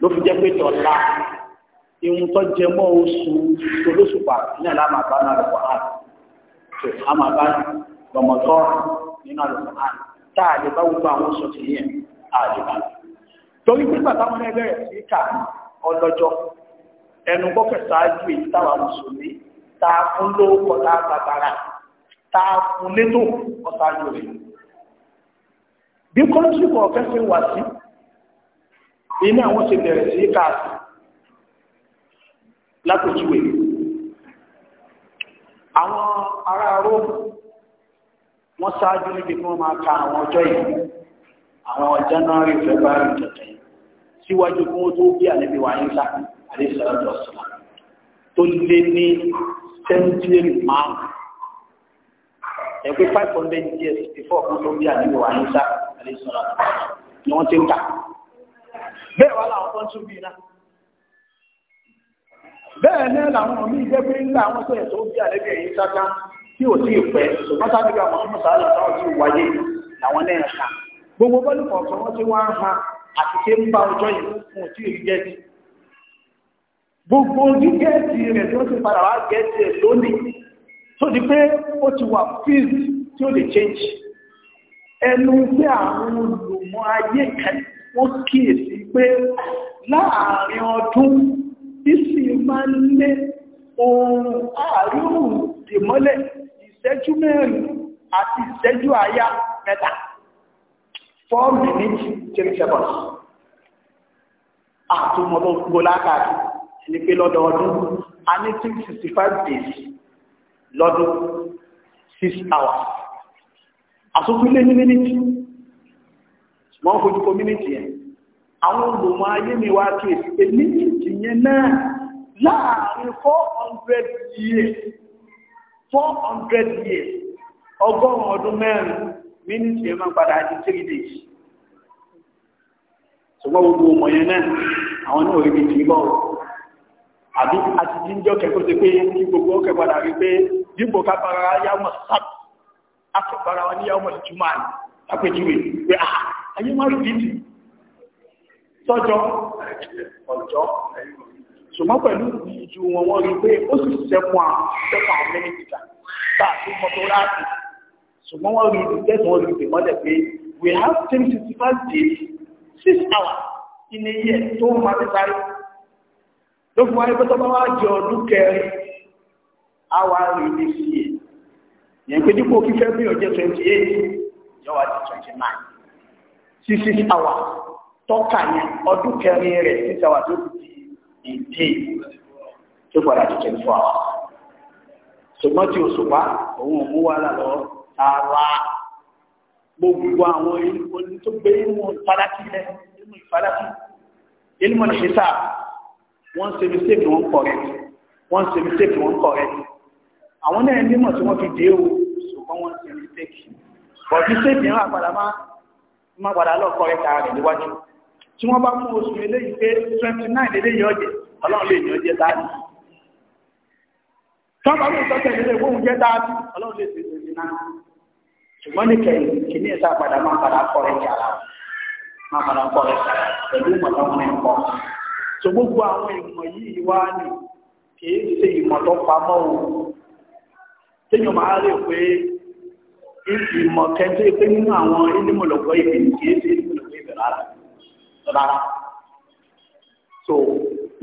ló fi jẹ́ pé tọ̀la ìhun tó jẹ mọ́ oṣù tolóṣùpá náà lá máa bá náà lọ́kọ̀ọ́ àná tó á máa bá lọ́mọ́tọ́ tá a lè bá gbogbo àwọn sọ ti yẹn a lè bá torí pé bàbá wọn bẹ̀rẹ̀ sí kà ọlọ́jọ́ ẹnu gbọ́kẹ̀ ṣáájú èyí táwa mùsùlùmí tá a fún lóòkọ̀ tá a bàbàrà tá a fún létò ọ̀ṣáájú rẹ̀ bí kọ́lọ́sì kọ̀ọ̀kẹ́ ṣe wà sí iná àwọn ṣe bẹ̀rẹ̀ sí kà lápòjúwe àwọn ará róòmù wọ́n ṣáájú níbi kí wọ́n máa ka àwọn ọjọ́ yìí àwọn January February tẹ̀tẹ̀ yìí síwájú kí wọ́n tó bí àlẹ́bí wa ní sá àdéṣàlátù ọ̀sán tó lé ní century márùn ẹgbẹ́ five hundred years before kan tó bí àlẹ́bí wa ní sá àdéṣàlátù ọ̀sán ni wọ́n ti ń kà bẹ́ẹ̀ wá làwọn tó ń tún bí iná bẹ́ẹ̀ náà làwọn míì jẹ́ pé ńlá àwọn tó yẹ tó bí àlẹ́bí ẹ̀yìn sá tí ò sí ìpẹ́ ṣùgbọ́n sábìkà mọ̀sánmọ̀ sáàlà táwọn ti wáyé làwọn náà ha gbogbo bọ́ọ̀lù kọ̀ọ̀kan wọ́n ti wá ń ha àti ṣe ń bá ọjọ́ yìí fún òtí rí gẹ́ẹ̀tì gbogbo ojú gẹ́ẹ̀tì rẹ̀ tó ti padà wá gẹ́ẹ̀tì rẹ̀ lónìí tó di pé ó ti wà fíìsì tí ó lè change ẹnu pé àwọn olùmọ̀ ayé kan wọ́n kíyèsí pé láàárín ọdún bísí máa ń lé ohun àárín òun dìmọ́lẹ̀ ìṣẹ́jú mẹ́rin àti ìṣẹ́jú àyá mẹ́ta four minutes three seconds àtúmọ̀lọ́ gbọ́lákàtí ẹni pé lọ́dọọdún a ní three sixty five days lọ́dún six hours àtúnfilé ní mínítì wọ́n fojú kó mínítì yẹn àwọn olùmọ̀ ayé mi wá kí èsì pé mínítì yẹn náà láàárín four hundred years four years ọgọ́rùn ọdún mẹ́rin mínísítì ẹ̀ padà di three days ṣùgbọ́n gbogbo ọmọ yẹn náà àwọn náà rí bìtì bọ́ àbí àti jíjọ kẹ́kọ̀ọ́ ti pé kí gbogbo ọkẹ́ padà rí pé dípò kápára yàmọ̀ sáb àtọ̀pára wọn ayé wọn rí ṣùgbọ́n pẹ̀lú ìjú wọn wọ́n rí pé ó sì sẹ́kùn àwọn sẹ́kùn àwọn mẹ́nìkìtà bá a tún mọ́tò láti ṣùgbọ́n wọ́n rí ìdíjẹ́ tí wọ́n rí pé mọ́lẹ̀ pé we have ten sixty five days six hours in a year tó ń máa ti sáré ló fi wáyé pẹ́tọ́ bá wá jẹ ọdún kẹrin àwa rí ní sí i yẹn pé dípò kí bí ọjọ́ twenty eight yọ wá di twenty nine six six hours tọ́ka yẹn ọdún kẹrin rẹ̀ six hours ló fi di in days tó padà tó twenty four hours ṣùgbọ́n tí òṣùpá òun ò mú wàhálà lọ tààrà gbogbo àwọn oní tó gbé inú ìfàdákì lẹ inú ìfàdákì inú mọ̀ nìṣẹ́sà wọ́n ṣe mistake wọ́n correct wọ́n ṣe mistake wọ́n correct àwọn náà nímọ̀ tí wọ́n fi dé o ṣùgbọ́n wọ́n ṣe mistake but mistake yẹn wà padà má padà lọ correct ara rẹ̀ níwájú tí wọ́n bá mú oṣù eléyìí pé twenty nine eléyìí ọ̀jẹ̀ ọlọ́run lè yàn jẹ́ dáadé tọ́ bá mú ìtọ́jẹ́ ilé ìwọ̀n jẹ́ dáadé ọlọ́run lè ṣe twenty nine ṣùgbọ́n ní kẹyìn kìíní ẹ̀ta padà máa padà kọ́ rẹ̀ jàrá máa padà kọ́ rẹ̀ jàrá pẹ̀lú ìmọ̀ tó wọn kọ́ so gbogbo àwọn ìmọ̀ yìí wá ní kìí ṣe ìmọ̀ pamọ́ o téèyàn máa rè pé ìmọ̀ kẹ́ńtẹ́ pé nínú àwọn ìlú mọ̀lọ́gbọ́ ìbí kìí ṣe ìlú mọ̀lọ́gbọ́ ìbẹ̀rẹ̀ rárá rárá so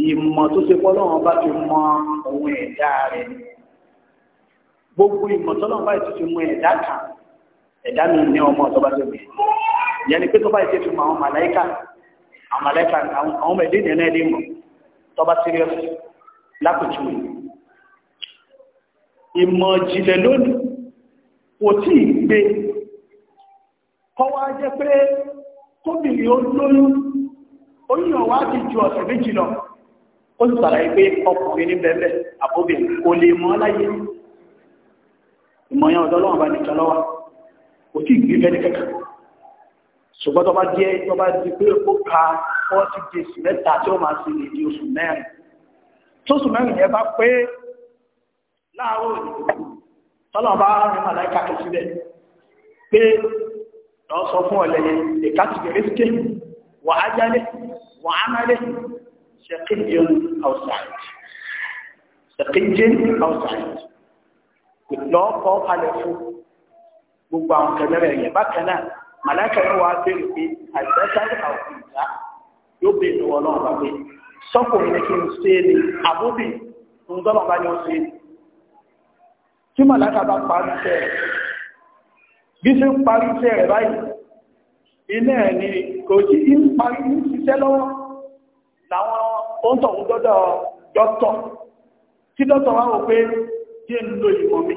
ìmọ̀ tó ṣe fọ́ lọ́wọ́n bá ti mọ ohun ẹ̀dá rẹ̀ gbogbo ìmọ̀ tó lọ́wọ́n bá ti fi mọ ẹ̀dá kan ẹ̀dá mi ní ọmọ tó bá ti mọ ìyẹn ni pé tó bá ti fi mọ àwọn màláìka àwọn màláìka àwọn ọmọ ẹ̀dá ìdẹ́nà ẹ̀dá ìmọ̀ tó bá ti rí ọ̀sẹ̀ lákòókò ìmọ̀ jìnlẹ̀ lónìí kò tí ì gbé kọ́wá jẹ́ pé tóbìnrin ó lóyún ó ní ọ̀wá ti ju ọ̀sẹ̀ méjì lọ ó sì sàlàyé pé ọkùnrin ní bẹ́ẹ̀ àbóbì kò lè mọ́ láyé ìmọ̀yàn ọ̀dọ́ lọ́wọ́ bá nìkan lọ́wọ́ kò tí ì gbé fẹ́ ní kẹ́kẹ́ ṣùgbọ́n tó bá jẹ́ tó bá di pé ó ka forty days mẹ́ta tí ó máa ṣe lè di oṣù mẹ́rin tó oṣù mẹ́rin yẹn bá pé láàárọ̀ tọ́lọ̀ bá rìn màláìka kẹsílẹ̀ pé lọ sọ fún ọ̀lẹ́yìn ìkásìkẹ̀rẹ́sìkẹ̀ وعجله وعمله شقي أو سعيد شقي أو سعيد lọ́ọ̀kọ́ kalẹ̀ fún gbogbo àwọn kẹlẹ́rẹ̀ yẹn bákan náà màláìka yóò wá bèrè pé àìsẹ́sáré àwọn ìgbà yóò bèrè wọn náà wà pé sọ́kùnrin ni kí n ṣe é ní àbóbì ń dọ́lọ̀ bá ní ó ṣe é tí màláìka bá parí iṣẹ́ rẹ̀ bí ṣe ń parí iṣẹ́ rẹ̀ báyìí iná ẹ̀ ní kò jí ní parí ní ṣiṣẹ́ lọ́wọ́ làwọn oúntọ̀ ń dọ́dọ̀ dọ́tọ̀ tí dọ́tọ̀ wá wò pé díẹ̀ ń lo ìmọ̀ mi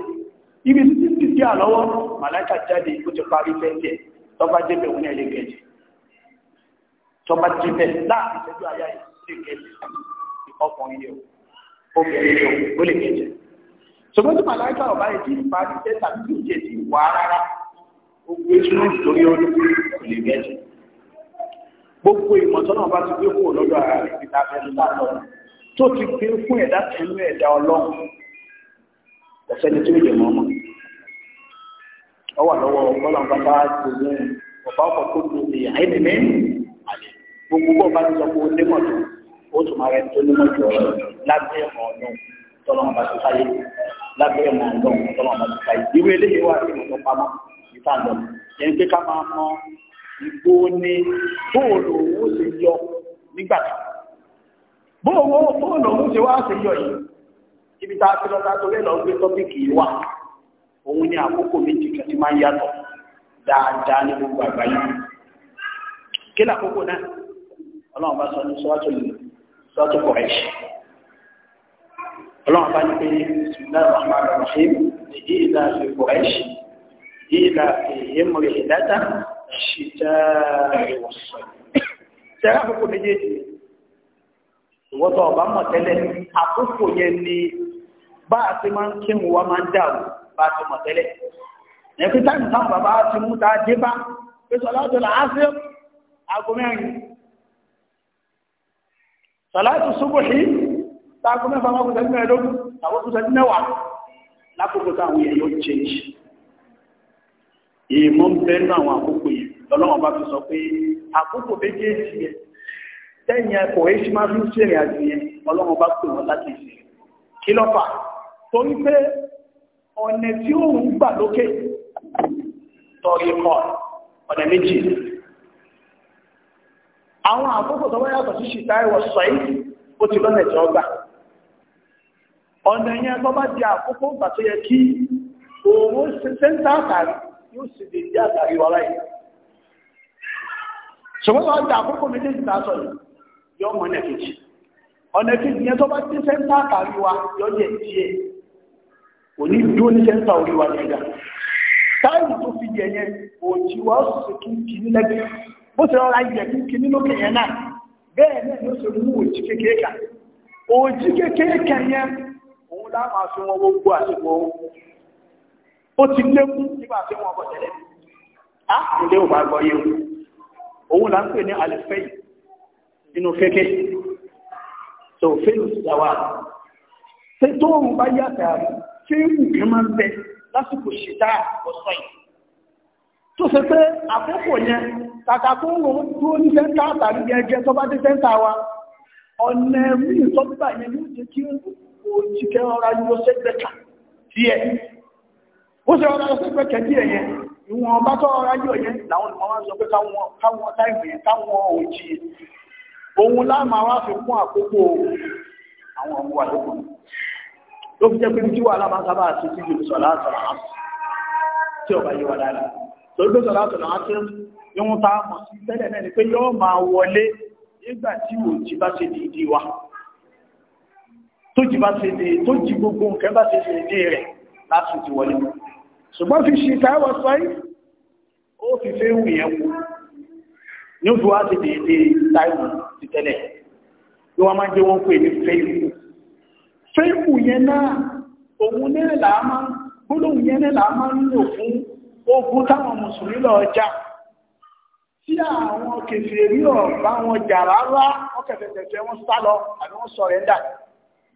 ibi tí ti di àlọ́wọ́ màláìka jáde ó ti parí fẹ́ẹ̀tẹ̀ tọ́ba débẹ̀ òun ẹ̀lẹ́ kẹjì tọ́ba débẹ̀ láàrin ìṣẹ́jú àyà ìṣẹ́ kẹjì ọkùnrin yẹn obìnrin yẹn ó lè kẹjẹ ṣùgbọ́n tí màláìka ọ̀bá yẹn ti parí fẹ́ẹ̀tẹ̀ gbogbo ìmọ̀tọ́nà bá ti gbé kúrò lọ́dọ̀ ara rẹ̀ ti ta lọ́dọ̀ tó ti gbé fún ẹ̀dá tẹ̀lú ẹ̀dá ọlọ́run ọ̀sẹ́ni tó lè ọmọ ọwà lọ́wọ́ ọgbọ́nà bàbá ọ̀bá ọkọ̀ tó tó lè àìní mi gbogbo bọ́ bá ti sọ pé ó mọ̀tò ó tún máa tó ní mọ̀tò lábẹ́ ẹ̀mọ̀ bá ti lábẹ́ ẹ̀mọ̀ bá ti ìgbó ni bóòlù owó ṣe yọ nígbàtí bóòlù owó ṣe wá ṣe yọ yìí ibi tá a ti lọ́ta tó lẹ́lọ́ gbé tọ́pìkì wà òun ni àkókò méjì kan ti máa ń yàtọ̀ dáadáa ní gbogbo àgbáyé kí lákòókò náà ọlọ́run bá sọ ní sọ́wọ́tò kọ̀rẹ́ṣì ọlọ́run bá ní pé ṣùgbọ́n àwọn àgbà ṣe é ìdí ìlà ìkọ̀rẹ́ṣì ìdí ìlà ìyẹ́mọ̀rẹ̀ ṣìṣẹ́ ìwọ̀sán tẹ́lá àkókò méjèèjì ìwọ́tọ̀ ọ̀bá mọ̀ tẹ́lẹ̀ àkókò yẹn ni bá a ti máa ń kírun wa máa ń dàrú bá a ti mọ̀ tẹ́lẹ̀ ẹ̀fí táìmù táwọn bàbá ti mú ta dé bá pé sọláàtò làásì aago mẹ́rin sọláàtò súbùhì táàgó mẹ́fà máa kó sẹ́dí mẹ́ẹ̀ẹ́dógún àwọn kó sẹ́dí mẹ́wàá lákòókò táwọn èèyàn yóò change ìmọ̀ ń bẹ́ẹ̀ náà lọ́lọ́wọ́n bá fi sọ pé àkókò méjèèjì yẹn tẹ́yìn ẹ̀kọ́ èyí máa fi ń àjò yẹn ọlọ́wọ́n bá pè wọ́n láti ṣe kí torí pé ọ̀nà tí ó ń gbà lókè tọrí kọ ọ̀nà méjì àwọn àkókò tó wáyà táyé ti lọ́nà di àkókò gbà tó yẹ kí òun ṣe yóò sì ṣùgbọ́n wọ́n dá àkókò méjèèjì tá a sọ yìí yọ mọ ọ̀nà kejì ọ̀nà kejì yẹn tó bá ti sẹ́ńtà àtàrí wa yọ jẹ́ díẹ̀ òní dúró ní sẹ́ńtà orí wa nígbà táìmù tó fi yẹ yẹn òjì wa ó sì kí n kì í lẹ́gbẹ́ bó ṣe rọra yẹ kí n kì í lókè yẹn náà bẹ́ẹ̀ náà ló ṣe mú òjì kékeré kan òjì kékeré kan yẹn òun lá máa wọn gbogbo àsìkò ó ti lékún nígbà tí wọn bọ̀ tẹ́lẹ̀ á kò lé òun òun là ń pè ní alifẹ́yì nínú kéèké tó fẹ́lú ìdáwà tí tó ń bá yàtà tí nǹkan máa ń bẹ lásìkò ṣìdá ọ̀sán yìí tó ṣe pé àkókò yẹn kàkà tó ń rò dúró ní sẹ́ńtà tàbí ẹ̀jẹ̀ tó bá dé sẹ́ńtà wa ọ̀nà ẹ̀rú ìtọ́gbà yẹn ló jẹ́ kí òjìkẹ́ ọ̀rá yóò ṣẹ́gbẹ̀kà díẹ̀ ó ṣe ọ̀rá yóò ṣẹ́gbẹ̀kà díẹ̀ yẹn ìwọ̀n bá tọ́ ráyọ̀ yẹn làwọn olùmọ̀ wá sọ pé káwọn táìmù yẹn káwọn òjì ohun láàmà wá fi kún àkókò àwọn ọmọ wà lókun ló fi jẹ́ pé kí wà láàmà sábà àti tí jù sọ̀lá àtọ̀lá tí ọba yìí wà dára torí pé sọ̀lá àtọ̀lá tí ìwọ̀n tá a mọ̀ sí tẹ́lẹ̀ náà ni pé yọ́ máa wọlé nígbà tí òjì bá ṣe dìídì wa tó jì bá ṣe dìídì tó jì gbogbo nǹkan bá ṣe dìídì rẹ̀ láti ti wọlé ṣùgbọ́n fi ṣe ìtàwọ̀ sọ́yí ó fi fẹ́ wù yẹn kú ní òfin wá ti dèédé láìwù ti tẹ́lẹ̀ bí wọ́n máa jẹ́ wọ́n pè ní fẹ́ìkù fẹ́ìkù yẹn náà òun náà làá máa gbólóhùn yẹn náà làá máa ń lò fún ogun táwọn mùsùlùmí lọ jà tí àwọn kèfèrí ọ̀bá wọn jà rárá wọ́n kẹfẹ̀kẹfẹ̀ wọ́n sá lọ àbí wọ́n sọ̀rẹ́ndà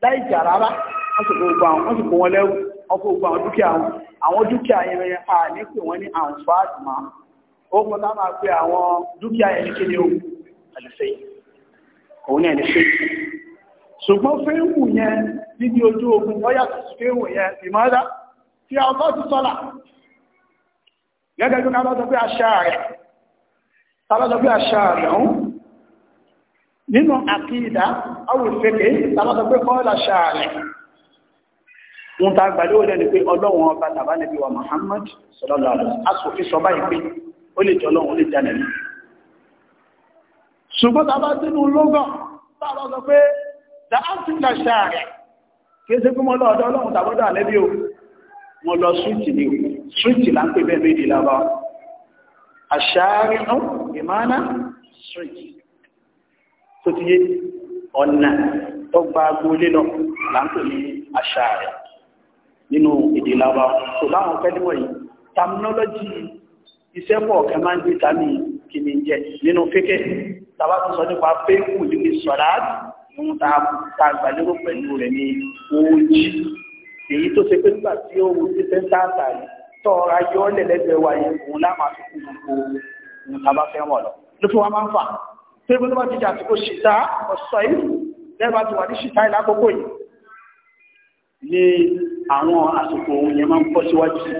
láì jà rárá wọ́n sì gbogbo àwọn wọ́n sì gbogbo wọn lẹ́rù ọkọ̀ ògbà àwọn dúkìá wọn àwọn dúkìá yẹn rẹ̀ a ní pè wọ́n ní àǹfààní ma ó mọ́ tá máa pé àwọn dúkìá yẹn kéde o àlùfẹ́ òun ní àlùfẹ́ ṣùgbọ́n fẹ́ẹ̀wù yẹn níbi ojú ogun wọ́n yàtọ̀ sí fẹ́ẹ̀wù yẹn ìmọ̀ọ́dá tí a ọkọ̀ ti sọ́là gẹ́gẹ́ bí ká bá pé àṣà rẹ̀ ká pé àṣà rẹ̀ ọ̀hún nínú àkídà awùfẹ́kẹ́ tàbátà pé kọ́ọ̀lá ṣàárẹ̀ ń ta gbàdé ó lẹ́nu pé ọlọ́run ọba tàbá nẹ́bí wa Muhammad sọlọ́lọ́ àlọ́ asòfin sọ báyìí pé ó lè jọ ọlọ́run ó lè jalè ní. ṣùgbọ́n tàbá sínú lọ́gàn tàbá sọ pé the africa lọ súwìtì ni o súwìtì là ń pè bẹ́ẹ̀ méjì lábá àṣàárí náà ìmáná súwìtì tó ti yé ọ̀nà tó gba agboolé lọ là ń pè ní àṣàárí nínú èdè lábá kò láwọn fẹ́ níwọ̀n yìí terminology iṣẹ́ pọ̀ kẹ máa ń gbé ta ní kìíní jẹ nínú fẹ́kẹ́ tàbá tó sọ nípa fẹ́kù lílé sọ̀rá ohun tá a gbàlérò pẹ̀lú rẹ̀ ní oòjì èyí tó ṣe pé nígbà tí ó wo títẹ́ sáàtà yìí tọ́ra yọ ọ́ lẹ̀lẹ́gbẹ̀ẹ́ wa òun láwọn àfikún gbogbo ohun tá fẹ́ wọ̀ lọ ló fi wá máa ń fà pé ní àwọn àsìkò òun yẹn máa ń pọ̀ síwájú sí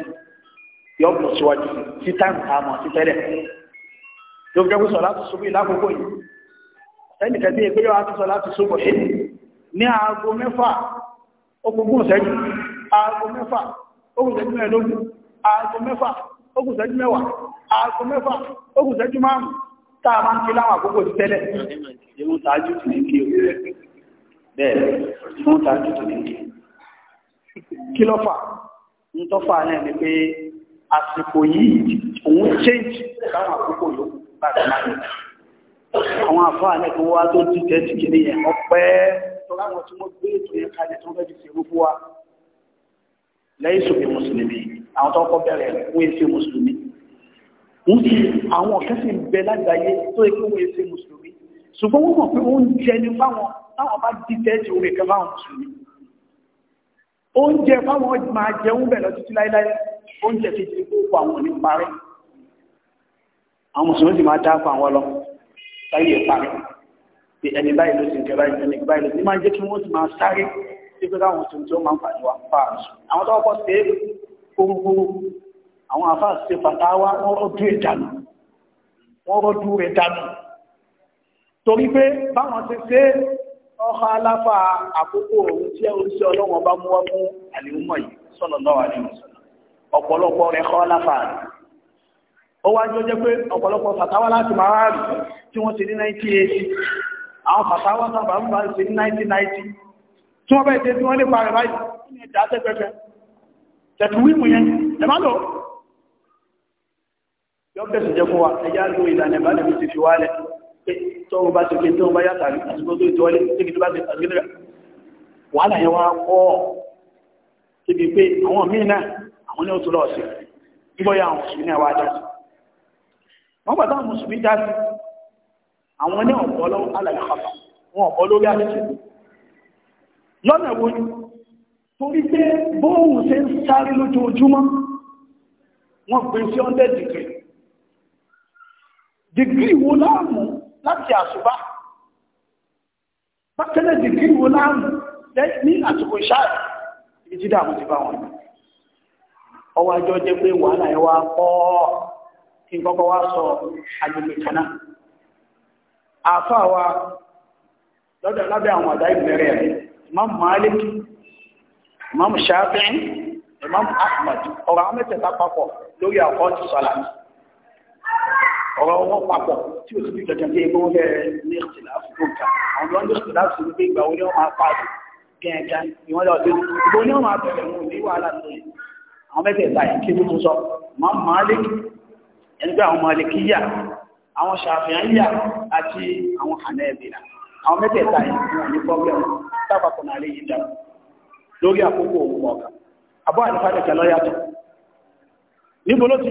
yọ pọ̀ síwájú sí títà nǹkan mọ̀ sí tẹ́lẹ̀ ló fi jẹ́kú sọ láti ṣubú ìlákòókò yìí ẹnìkan bí ẹgbẹ́ yóò á ti sọ láti ṣubú yìí ní aago mẹ́fà okùnkùn ìṣẹ́jú aago mẹ́fà okùn ìṣẹ́jú mẹ́ẹ̀ẹ́dógún aago mẹ́fà okùn ìṣẹ́jú mẹ́wàá aago mẹ́fà okùn ìṣẹ́jú márùn-ún tá a máa ń fi láwọn àkókò ti tẹ́lẹ̀ o bẹ́ẹ̀ ìmúta kí ló fà ń tó fà náà ni pé àsìkò yìí òun change láwọn àkókò yòókù láti máa ní àwọn àfáà náà tó wá tó dìtẹ́ ti kìíní yẹn ọpẹ́ tó láwọn tí wọ́n gbé ètò yẹn kalẹ̀ tó fẹ́ fi ṣe rúfú wa lẹ́yìn sòfin mùsùlùmí àwọn tó kọ́ bẹ̀rẹ̀ fún èsì mùsùlùmí wọ́n ti àwọn ọ̀kẹ́ sì ń bẹ lágbàáyé tó yẹ kí wọ́n èsì mùsùlùmí ṣùgbọ́n wọ́n mọ̀ pé wọ́n ń jẹni fáwọn táwọn bá dìtẹ́ ti orí kan mùsùlùmí oúnjẹ fáwọn máa jẹun bẹ̀ lọ títí láíláí oúnjẹ ti ti kó àwọn ní parí àwọn mùsùlùmí ti máa dáàbò àwọn lọ láyé ìparí pé ẹni báyìí ló ti ń jẹ báyìí ẹni báyìí ló ti máa jẹ́ kí wọ́n ti máa sáré sí pé káwọn tó ń tó máa ń pàdé wa pa àwọn tó sí kúrúkúrú àwọn àfáà ṣe fàtàwà wọ́n rọ́dú ìdànù rọ́dú rẹ̀ torí pé báwọn ti ṣe é ọha aláfà àkókò òun tí oríṣi ọlọ́wọ́n bá mú wá fún àlèhùnmọ̀ yìí sallallahu alaihi wasallam ọ̀pọ̀lọpọ̀ rẹ̀ kọ́ aláfà rẹ̀ ó wá jọ jẹ́ pé ọ̀pọ̀lọpọ̀ fàtàwà láti máa rẹ̀ tí wọ́n ti ní 1980 àwọn fàtàwà sábà ń bá ti ní 1990 tí wọ́n bẹ́ẹ̀ tẹ́ tí wọ́n lè parẹ̀ báyìí ní ẹ̀dá tẹ́gbẹ́fẹ́ tẹ̀tùwímù yẹn ẹ̀má lọ yọ́ bẹ̀sùn jẹ́ fún wa ẹ̀yà lo ìlànà ìbánibí ti fi wálẹ̀ tó bá ti kí tó bá yàtà ní àsìkò tó ìtọ́lé tí tó bá ti àgbẹ̀dẹ̀ wàhálà yẹn wá kọ́ síbi pé àwọn míì náà àwọn ní ó tún lọ sí gbọ́yà àwọn mùsùlùmí àwọn ajá sí wọ́n pàtàkì àwọn mùsùlùmí já sí àwọn ní ọ̀pọ̀ lọ́wọ́ alàlẹ́kọ̀ọ́ wọn ọ̀pọ̀ lórí àṣìṣe lọ́nà wo ni torí pé bóòwù ṣe ń sáré 100 degree degree wo láàmú láti àṣùbá bákẹ́lẹ̀ dìgírí wo láàmù ní àsìkò ìṣáà ibi tí dààmú ti bá wọn ọwọ́ ajọ́ jẹ́ pé wàhálà ẹwà wá kí n sọ agbègbè kan náà wa lọ́dọ̀ lábẹ́ àwọn àdá ìbẹ̀rẹ̀ rẹ̀ Imam Malik Imam Shafi'i Ahmad ọ̀rọ̀ àwọn mẹ́tẹ̀ẹ̀ta papọ̀ lórí àkọ́ ti ọ̀rọ̀ wọn papọ̀ tí o sì fi jọjọ bí egbò rẹ̀ ní ìtìláàfù tó ga àwọn tó ń lè ìtìláàfù ní pé ìgbà wo ni wọ́n máa parí gẹ̀ẹ́gẹ́ ni wọ́n lọ dé ìgbò ni wọ́n máa bẹ̀rẹ̀ wọn ní wàhálà tó yẹ àwọn mẹ́tẹ̀ẹ̀ta yìí kí tuntun sọ máa máa lé ẹni pé àwọn mọ̀lẹ́kí yà àwọn ṣàfihàn yà àti àwọn hànẹ́ ẹ̀bìlà àwọn mẹ́tẹ̀ẹ̀ta yìí wọ́n ní pọ́blẹ́mù tábàkùn àlẹ́ yìí dà lórí àkókò òun ọ̀gá àbọ̀ àdìfáàdì kẹlọ́ yàtọ̀ níbo ló ti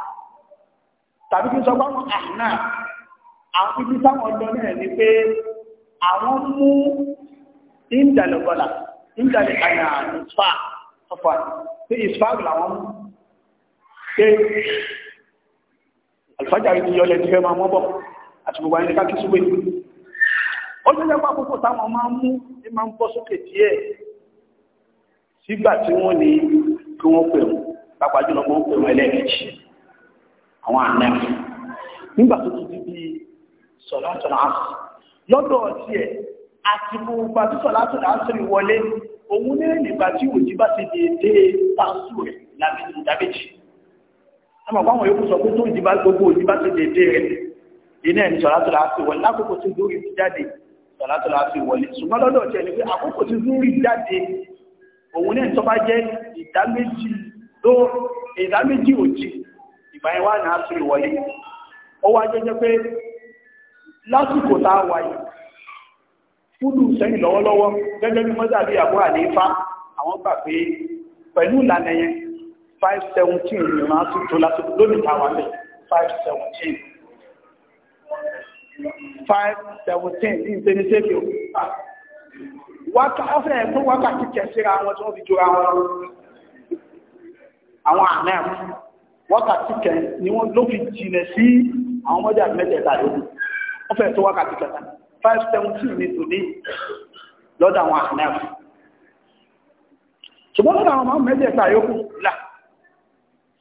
tàbí kí n sọ fáwọn ah, àná àwọn ibi táwọn ọjọ́ náà ni pé àwọn mú ìdàlẹ́gbọ́là ìdàlẹ́ àyà ìfà ọ̀fà pé ìfà làwọn mú pé àlùfájà yìí yọ lẹ́tí fẹ́ máa mọ́ bọ̀ àti gbogbo ẹni ká kí súwé ó tún lẹ́pọ̀ àkókò táwọn máa ń mú ní máa ń bọ́ sókè díẹ̀ sígbà tí wọ́n ní kí wọ́n pè wọ́n pàápàá jùlọ wọ́n àwọn ànábì nígbà tó ti di bí sọ̀látọ̀lá àṣì lọ́dọ̀ ọtí ẹ̀ àti gbogbo àti sọ̀látọ̀lá àṣì wọlé òun ní ìgbà tí òjì bá ti dèédé pàṣù rẹ̀ lábẹ́ ìdábẹ́jì ọmọ báwọn yóò sọ pé tó òjì bá gbogbo òjì bá ti dèédé rẹ̀ iná ẹni sọ̀látọ̀lá àṣì wọlé lákòókò tí lórí ti jáde sọ̀látọ̀lá àṣì wọlé ṣùgbọ́n lọ́dọ̀ ọtí ẹ̀ pé àkókò tí lórí jáde òun ní ìtọ́ bá jẹ́ ìdáméjì tó ìdáméjì òjì ìbáyẹn wà ní àṣírí wọlé ó wá jẹ́jẹ́ pé lásìkò tá a wà yìí fúdù sẹ́yìn lọ́wọ́lọ́wọ́ gẹ́gẹ́ bí mọ́tà bí àbúrà ní ifá àwọn gbà pé pẹ̀lú ìlànà yẹn five seventeen ni wọ́n á tún tó lásìkò lónìí táwa lẹ̀ five seventeen five seventeen ní ìsẹ́nisẹ́kì o ah. wákà ọ̀fẹ́ ẹ̀kún wákàtí kẹsíra wọn tí wọ́n fi jọra wọn àwọn àmẹ́ wákàtí kẹrin ni wọ́n ló fi jìnà sí àwọn ọmọdé àmẹ́tẹ̀ẹ̀ta lókù wọ́n fẹ́ tó wákàtí kẹta 517 ní tòní lọ́dọ̀ àwọn àmẹ́fù ṣùgbọ́n lọ́dọ̀ àwọn àmẹ́tẹ̀ẹ̀ta yókù là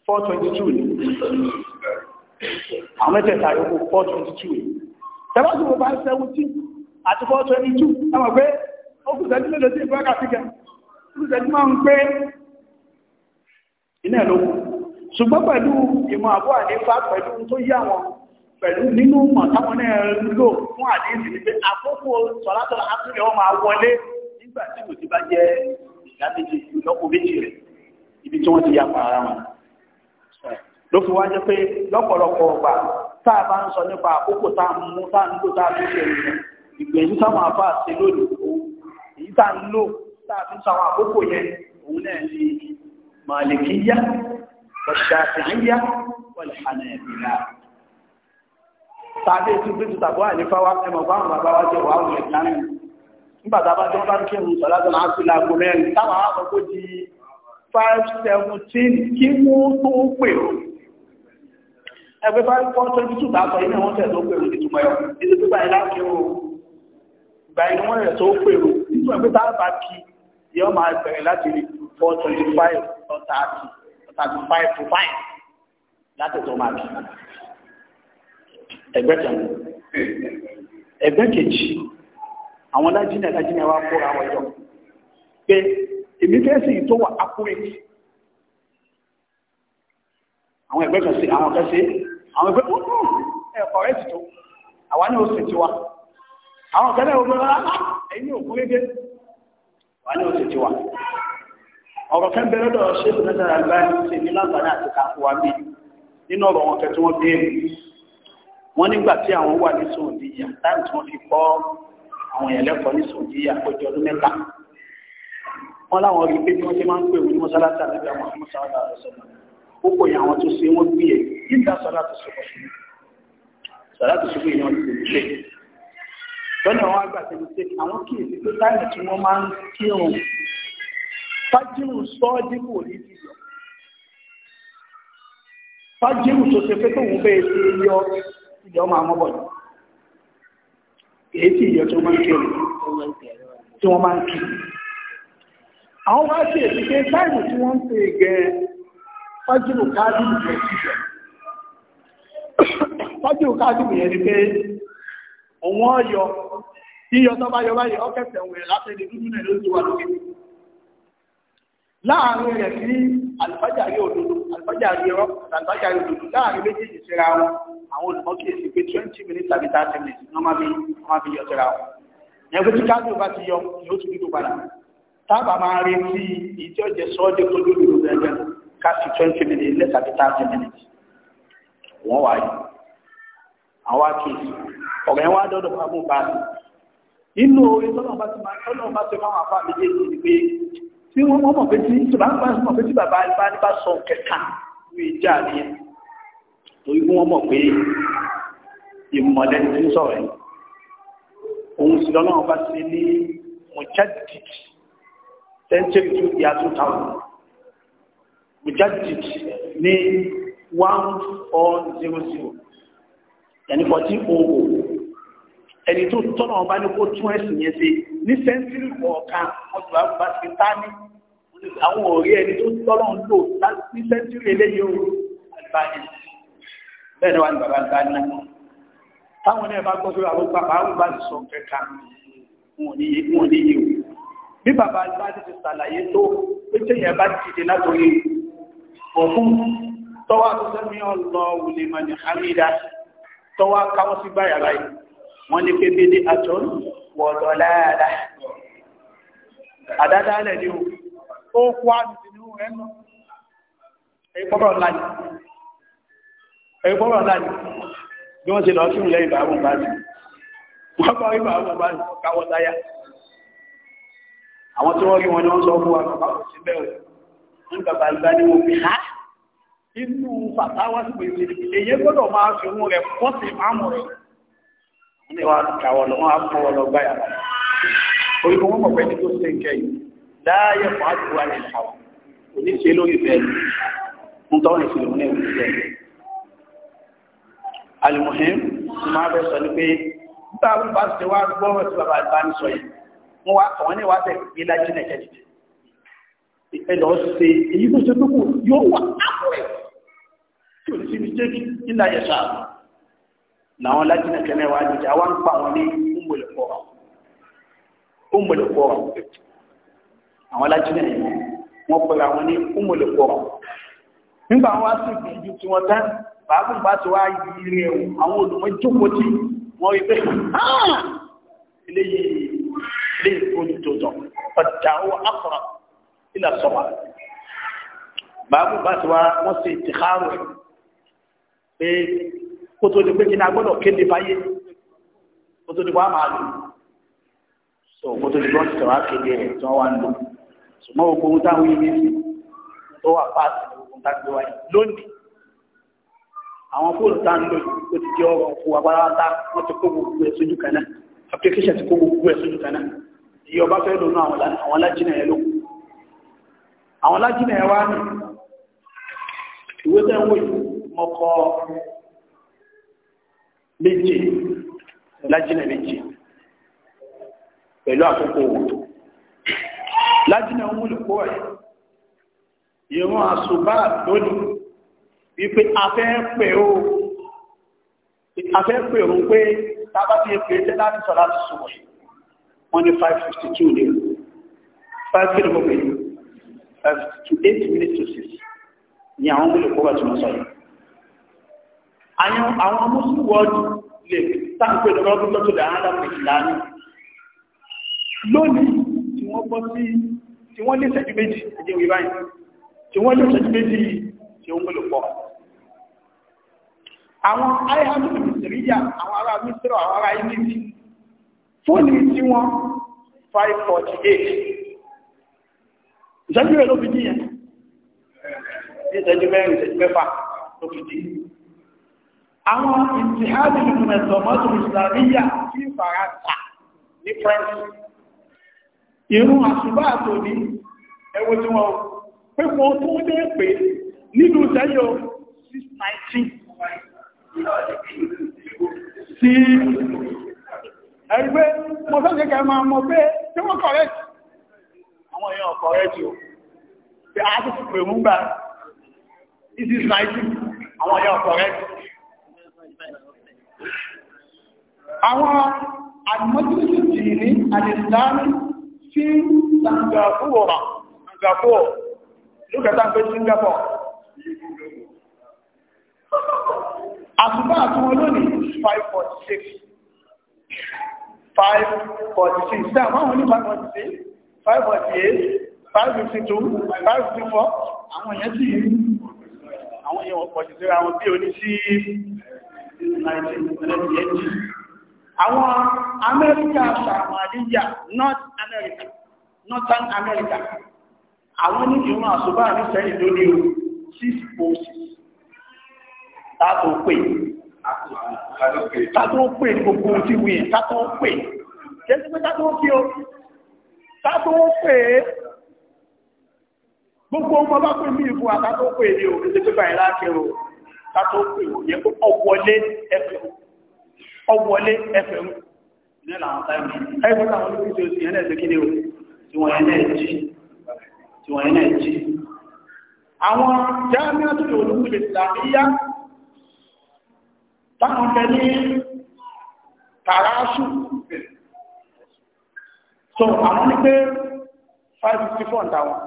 two ní àwọn mẹ́tẹ̀ẹ̀ta yókù 422 ní tẹ́bàtí mo bá 17 àti 422 ẹmọ pé ó kù sẹ́jú mélòó sí ìfẹ́ wákàtí kẹ iná ẹ̀ lókù ṣùgbọ́n pẹ̀lú ìmọ̀ àbúrò àdífà pẹ̀lú tó yá wọn pẹ̀lú nínú mọ̀ lò fún àdífì ní pé àkókò sọ̀látọ̀lá àtúnyẹ̀ wọn máa nígbà tí kò ti bá jẹ́ ìdáméjì lọ́pọ̀ méjì rẹ̀ ibi tí wọ́n ti yà pa ara wọn ló fi wá pé lọ́pọ̀lọpọ̀ ọgbà tá a bá ń sọ nípa àkókò tá a mú tá a ń lò tá a fi ṣe ìrìn ìgbẹ̀yìn táwọn àfa àti lónìí èyí tá a ń lò tá a fi ń àkókò yẹn òun náà ni màlìkíyá ọ̀ṣàfihìyà wọlé hànàbìlà tàbí ètò bí tùtàbọ̀ àlefa wa ẹmọ fáwọn bàbá wa jẹ wà ó lè tán nígbà tá a bá jọ bá ń kírun sọlá tó náà sí laago mẹ́rin táwọn àkókò di five seventeen kí wọ́n tó pè ó ẹgbẹ́ bá kọ́ twenty two bá sọ tó pè ó inú wọn rẹ̀ tó pè ó nítorí pé láti thirty five to five That is máa bì ẹgbẹ́ kan ẹgbẹ́ kejì àwọn lájínà lájínà wa kóra wọn jọ pé èmi fẹ́ sí ìtò wà accurate àwọn ẹgbẹ́ kan sí àwọn kan sí àwọn ẹgbẹ́ tó kú ẹ̀ correct tó àwa ní oṣù tiwa àwọn kan náà wọ́n bá ẹ̀yìn òkú lédè wà ní oṣù tiwa ọ̀rọ̀ kan bẹ̀rẹ̀ lọ́dọ̀ ṣé kò mẹ́ta àgbà ní ṣe ní láǹfààní àti kàkó wa mí nínú ọ̀rọ̀ wọn kẹtí wọ́n béèrè wọ́n nígbà tí àwọn wà ní sòǹdíyà táyì tí wọ́n fi kọ́ àwọn èèyàn lẹ́kọ̀ọ́ ní sòǹdíyà ọjọ́ ọdún mẹ́ta wọ́n láwọn rí pé bí wọ́n ti máa ń pè wọ́n ní mọ́sálásí àti àwọn mọ́sálásí àti sọ̀rọ̀ ó kò àwọn tó ṣe wọ́n gbìyànjú nígbà fájírù sọ́ọ́dínkù ní ti yọ fájírù tó ṣe pé tó ń bẹ́ẹ̀ ṣe yọ ìyọ́ máa mọ́ bọ̀dọ̀ èyí tí ìyọ́ tó máa ń kiri tí wọ́n máa ń kiri àwọn wá sí èsì pé táìmù tí wọ́n ń pè gẹ fájírù káàdìmù yẹn ti yọ fájírù káàdìmù yẹn ni pé òun ọ̀yọ́ yíyọ tó bá yọ báyìí ọ̀kẹ́sẹ̀ òun ẹ̀ látẹ̀lé dúdú náà ló ti wà lókè láàrin rẹ̀ sí àlùfájà yóò dodo àlùfájà yóò àlùfájà yóò dodo láàrin méjèèjì síra wọn àwọn olùkọ́ kíyèsí pé twenty minutes àbí thirty minutes ní wọ́n máa fi wọ́n máa fi yọ síra wọn. ẹgbẹ́ tí káàdì bá ti yọ ni ó ti dúdú padà tábà máa retí ìjọ jẹ sọ́ọ́dẹ̀ tó dúdú ló bẹ̀rẹ̀ káàsì twenty minutes lẹ́sà àbí thirty minutes wọ́n wáyé àwọn akéèsì ọ̀gá yẹn wá dọ́dọ̀ fún abúgbàsì inú orin tọ́lọ́ tí wọ́n mọ̀ pé tí tí bàbá mọ̀ pé tí bàbá bá ní bá sọ kẹta ní ìjà ní ẹ̀ torí wọ́n mọ̀ pé ìmọ̀lẹ́ ti ń sọ̀rọ̀ ẹ̀ òun sì lọ́nà ọba sí ní mujadid century two year two thousand mujadid ní one four zero zero ẹni fourteen oh oh ẹni tó tọ́nà ọba ní kó tún ẹ̀sìn yẹn ṣe ní sẹ́ńtírì kọ̀ọ̀kan wọ́n ti wá bá ti tá ní àwọn òrí ẹni tó tọ́nà ń lò ní sẹ́ńtírì eléyìí o àlùbáyé bẹ́ẹ̀ ni wà ní bàbá àgbà náà táwọn náà bá gbọ́ pé àwọn bàbá àwọn bá ti sọ kẹka wọn ní yé o bí bàbá àgbà ti ti ṣàlàyé tó pé téèyàn bá dìde látòrí ọ̀fun tọ́wọ́ àtúnṣe mi ọ̀ lọ wùlé mọ̀ ní hamida tọ́wọ́ káwọ́ sí báyà wọ́n ní pé bídí àtún wọ̀lọ̀ láàrá àdádálẹ̀ ni ó kó àmìsì ní ohun ẹnu ẹgbọ́rọ̀ láyé bí wọ́n ti lọ fún lẹ́yìn bàbá bá ti wọ́n bá rí bàbá bá ti káwọ́ táyà àwọn tí wọ́n rí wọn ni wọ́n sọ fún wa bàbá kò sí bẹ́ẹ̀ ń bàbá ìgbà ni mo fi há inú fàtàwà sí pèsè èyí gbọ́dọ̀ máa fi ohun rẹ̀ pọ́sì máàmù rẹ̀ ní wọ́n kàwọ́ lọ wọ́n á fọwọ́ lọ gbáyà lọ orí wọn mọ̀ pé ní tó ṣe nǹkẹ́ yìí láàyè fún àdúrà ní ìṣàwọ̀ kò ní ṣe lórí ìfẹ́ ń tọ́ ní ìṣèlú ní ìṣẹ́ alimohim ti máa fẹ́ sọ ni pé nígbà wọn bá ṣe wá gbọ́ ọ̀rọ̀ tí bàbá làwọn lájínà kẹmẹ wàá jẹjẹ àwa ń pa wọn ní umbele kọrọ umbele kọrọ àwọn lájínà yìí wọn pẹlú àwọn ní umbele kọrọ nígbà wọn sì gbìyànjú tí wọn tán bàbá bá ti wá yiri ẹwù àwọn olùmọjókòó tí wọn rí pé ah! eléyìí eléyìí fojú tó tọ ọjà owó akọrọ ilà sọwọ bàbá bá ti wá wọn sì tìkárò ẹ pé kó tó di pé kí ni a gbọ́dọ̀ kéde fáyé kó tó di wá máa lò so kó tó di wọ́n ti tẹ̀wá kéde rẹ̀ tí wọ́n wá ń lò ṣùgbọ́n gbogbo ohun táwọn yìí ní sí tó wà páàtì gbogbo ohun táwọn gbé wáyé lónìí àwọn fóònù tá ń lò ó ti jẹ́ ọ̀rọ̀ òkú agbáráta wọ́n ti kó gbogbo ẹ̀ sójú kan náà application ti kó gbogbo ẹ̀ sójú kan náà ìyẹ́ ọba fẹ́ lónú àwọn alájìnà ẹ̀ lókù àwọn alájìnà ẹ̀ wá ní ìwé tẹ́ ń wò yìí mọ́kọ́ méje lájínà méje pẹ̀lú àkókò wọn lájínà ń múlò kó ẹ̀ ìran àṣùbá lónìí wípé afẹ́ pẹ̀ ó afẹ́ pẹ̀ ó pé tábà tí èpè tẹ́ láti sọ láti sọ wọ́n ní 552 ní 5 kìlómọ́pẹ̀ 552 8 minutes to 6 ni àwọn múlò kó wà tí wọ́n sọ yìí àyàn àwọn mùsùlùmí wọ́ọ̀dù lè sáńpé lọ́dún lọ́tọ̀ lè ara pè lánàá lónìí tí wọ́n bọ́ sí tí wọ́n lé ṣẹ́jú méjì ẹ̀jẹ̀ wí báyìí tí wọ́n lé ṣẹ́jú méjì tí ó ń gbèlò pọ̀ àwọn ayéhàmù mìsìríyà àwọn ará mísírọ̀ àwọn ará ilé fóònù tí wọ́n 548 ìṣẹ́jú rẹ̀ ló fi díyẹn ní ìṣẹ́jú mẹ́rin ìṣẹ́jú mẹ́fà ló fi díyẹn àwọn ìtìhádì ìmọ̀ẹ̀tọ̀ mọ́tò ìsìlámíyà sí Faransé ní France ìrún àṣùbá àtòní ẹwọ tí wọ́n pé mọ́ tó dé pé nínú sẹ́yọ 619 sí ẹgbẹ́ mọ́ sọ́jẹ́ kẹ máa mọ̀ pé tí wọ́n kọ̀rẹ́tì àwọn èèyàn kọ̀rẹ́tì o tí a ti pè mú gbà 619 àwọn àwọn àdìmọ́tílẹ́sì tì ní àdìsìlámi sí Singapore Singapore lókẹta pé Singapore àtúbà àtúwọn lónìí 546 546 sáà máa wọn ní 546 548 552 554 àwọn èèyàn tí àwọn èèyàn pọ̀jù síra wọn bí o ní sí 1998 àwọn amẹ́ríkà sàmàlíyà north america northern america àwọn ní ìrún àṣùbá ní sẹ́yìn tó ní o six posts tátó pè tátó pè gbogbo tí wí tátó pè jẹ́sí pé tátó kí o tátó pè gbogbo ọmọ bá pè ní ìbú àtátó pè ní o ní pé báyìí láàkẹ́ o tátó pè o yẹ kó ọ̀pọ̀lé ẹgbẹ̀rún ọwọlé ẹfẹ̀rún ní làwọn táìmù ẹgbẹ́ táwọn olùkíṣẹ́ òsì yẹn o tí wọ́n yẹn náà jí tí wọ́n yẹn náà jí àwọn jáàmíà tó lè olùkúlẹ̀ ìsìlámíyá táwọn fẹ́ ní kàràásù so àwọn ní pé 554 táwọn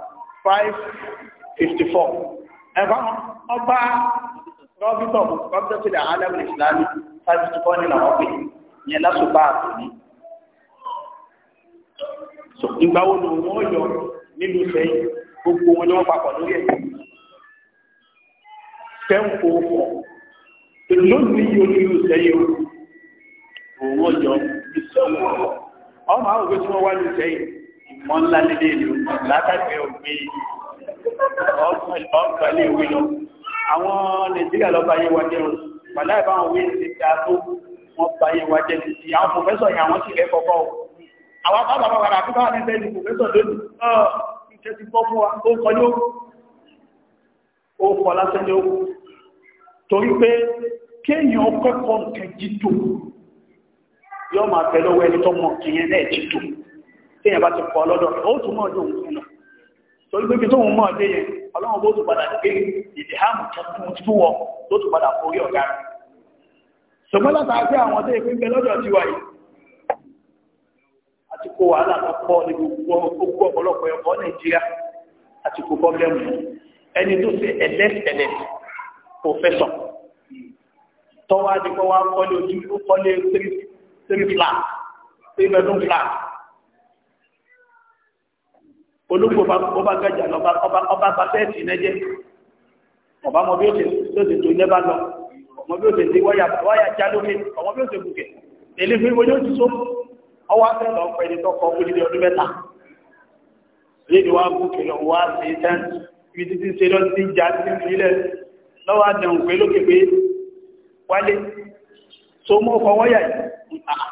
554 ẹ̀fà ọba prọfítọ̀ prọfítọ̀tìlẹ̀ aláwọ̀ ìsìlámì fásitì kọ́ ní làwọn pè yẹn lásùpá àtòní. ìgbà wo ni wọ́n yọ nínú sẹ́yìn gbogbo wọn ni wọ́n papọ̀ lórí ẹ̀. sẹ́wọ̀n kò fọ̀ lónìí yóò nínú sẹ́yìn o òun yọ ìsọ̀wọ̀ ọmọ àwọn òwe tí wọ́n wá ní sẹ́yìn ìmọ̀ ńlá lélẹ́yìn o látàgbẹ́ ògbé ọgbà ìwé lọ àwọn nàìjíríà lọ bá yé wa jẹ́ wọn pàdá ìbáwọn wí ti ta tó wọ́n bá yé wa jẹ́ ti àwọn pòfẹ́sọ̀ yẹn àwọn sì lẹ́ kọ́kọ́ o àwọn bàbá bàbá rà fún báwọn ẹgbẹ́ ni pòfẹ́sọ̀ lónìí ọ́ ìṣẹ́ ti bọ́ fún wa ó kọ́ ló ó kọ́ lásán ló torí pé kéèyàn kẹ́kọ̀ọ́ nǹkan jítò yóò máa fẹ́ lọ́wọ́ ẹni tó mọ̀ kìíyàn náà jítò kéèyàn bá ti kọ́ lọ́dọ̀ ó ọlọ́run bó tún padà gbé ìdí hàmù tuntun fún wọn tó tún padà forí ọ̀gá rẹ̀. ṣùgbọ́n látà pé àwọn tó ìpín bẹ lọ́dọ̀ tiwa yìí àti kó wàhálà tó pọ̀ ní gbogbo ọ̀pọ̀lọpọ̀ ẹ̀kọ́ nàìjíríà àti kó pọ́blẹ́mù ẹni tó ṣe ẹlẹ́sẹ̀lẹ̀ pòfẹ́sọ̀ tọ́wọ́ adìgbọ́ wa kọ́lé ojú kọ́lé tírí flat tírí bẹ́dún flat olóko ọba gbàjà lọ ọba pàtẹ́ẹ̀tì nẹ́jẹ́ ọba mọ bí ó ṣe lóṣè tó ilé bá lọ ọmọ bí ó ṣe ti wáyà já lókè ọmọ bí ó ṣe bùkẹ́ èlé fún ìwé yóò ti só ọwọ́ afẹ́ lọ pẹ̀ ní tọkọ olùdí ọdún mẹ́ta lédi wá bùkẹ́ lọ wá sí tán ibi títí ṣe lọ sí ìjà sí ilẹ̀ lọ́wọ́ àdéhùn pé lókè pé wálé tó mọ́ ọkọ̀ wáyà yìí ah,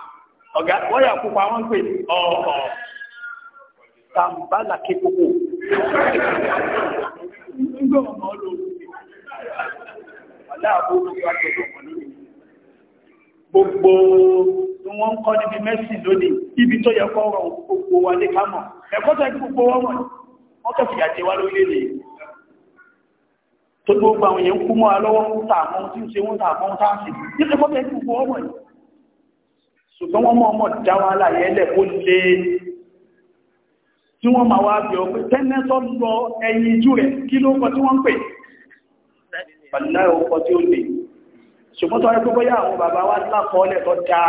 ọ̀gá wáyà pupa wọ́n pè ọ̀ọ̀ tàmbálà kékòkò nígbọ́ ọmọ olóòrùn aláàbò gbogbo tí wọ́n ń kọ́ níbi mẹ́sìn lónìí ibi tó yẹ kọ́ rọrùn gbogbo wa lé kámọ̀ ẹ̀kọ́ tó yẹ gbogbo wọ́n mọ̀ wọ́n kẹ́ fìyà jẹ wá lórílẹ̀-èdè tó gbogbo àwọn èèyàn kú mọ́ alọ́wọ́ ń ta àwọn tí ń ṣe wọ́n ta àwọn táàsì ní ẹ̀kọ́ tó yẹ gbogbo wọ́n mọ̀ ṣùgbọ́n wọ́n mọ̀ ọmọ dá wa láyé ẹlẹ́ ó lé tí wọ́n máa wá bí ọpẹ́ tẹ́nẹ́sọ́ lọ ẹ̀yìn ijú rẹ̀ kí ló kọ tí wọ́n ń pè pàdínláì ọkọ̀ tí ó lè ṣùgbọ́n tó ẹgbẹ́ bóyá àwọn bàbá wa lápọ̀ọ́lẹ̀ tó dá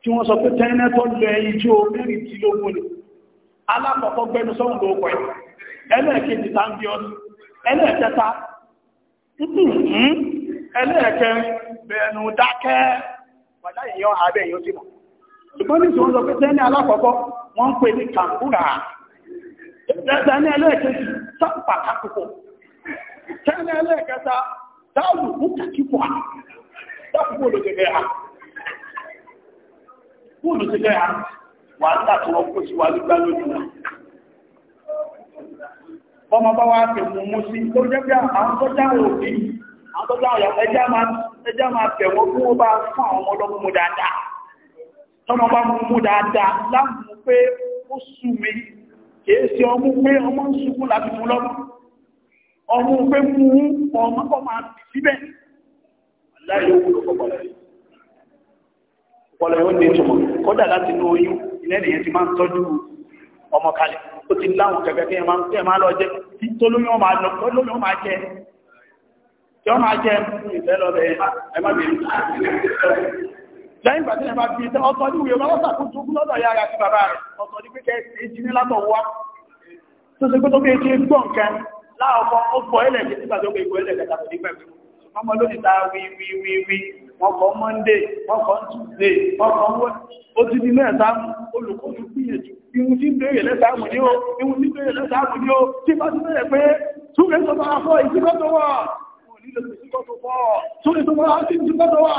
tí wọ́n sọ pé tẹ́nẹ́sọ́ lọ ẹ̀yìn ijú mẹ́rìndínlógún ni alákọ̀ọ́kọ́ gbẹnu sọ́run ló kọ̀ ẹlẹ́ẹ̀kejì tá ń bí ọdún ẹlẹ́ẹ̀kẹta hmm, ẹlẹ́ẹ̀kẹrin bẹ̀ẹ̀nù dákẹ́ wàdá ìyọ́ àbẹ̀ yóò ti mọ̀ ṣùgbọ́n ní ìṣòro sọ pé tẹ́ni alákọ̀ọ́kọ́ wọ́n ń pè ní kàǹkúrà Dání ẹlẹ́ẹ̀kejì sáàpà kákòkò. Dání ẹlẹ́ẹ̀kẹta dáàlù mú kàkíkò à. Dáàbò olùdẹ̀gẹ̀ à. Bó olùdẹ̀gẹ̀ à wà ń tàbí wọn kó sí wa nígbà lójú wa. Bọ́mọ bá wá tẹ̀ mú mú sí tó jẹ́ bí àwọn tó jáwọ̀ òbí, àwọn tó jáwọ̀ yàtọ̀ ẹjá máa tẹ̀ wọ́n fún ó bá fún àwọn ọmọ kìí ṣe ọmú pé ọmọ ń sunkún láti mú lọ́rùn ọmọ pé mú ọmọ kọ́ máa bì síbẹ̀ láyé ọmọ kalẹ̀ ó ti láwọn kẹ̀kẹ́ kí ẹ lọ jẹ tí tó lóyún ọmọ àlọ́ tó lóyún ọmọ àjẹ tí ọmọ àjẹ ìfẹ́ lọ bẹ̀rẹ̀ ẹ bẹ̀rẹ̀ lẹ́yìn ìgbà tí ẹ bá fi ìtẹ́ ọ̀tọ̀ ní ìwé ọlọ́sà tó tún lọ́dọ̀ ya ara ti bàbá rẹ̀ ọ̀tọ̀ ní pẹ́kẹ́ èjì ní látọ̀ wá tó ṣe pé tó bí èjì gbọ́n kan láàkọ́ ó gbọ́ ilẹ̀ kí nígbà tó gbé ìgbọ́ ilẹ̀ kẹta tó ní pẹ̀lú ọmọ lónìí ta wí wí wí wí wọ́n kọ́ mọ́ndé wọ́n kọ́ tùlé wọ́n kọ́ wọ́n ó ti di mẹ́ta olùkọ́ ti gbìyànjú ihun tí bèèrè lẹ́ta mú ní ó ihun tí bèèrè lẹ́ta mú ní ó tí bá ti bẹ̀rẹ̀ pé túnrẹ́ tó máa fọ́ ìsíkọ́ tó wà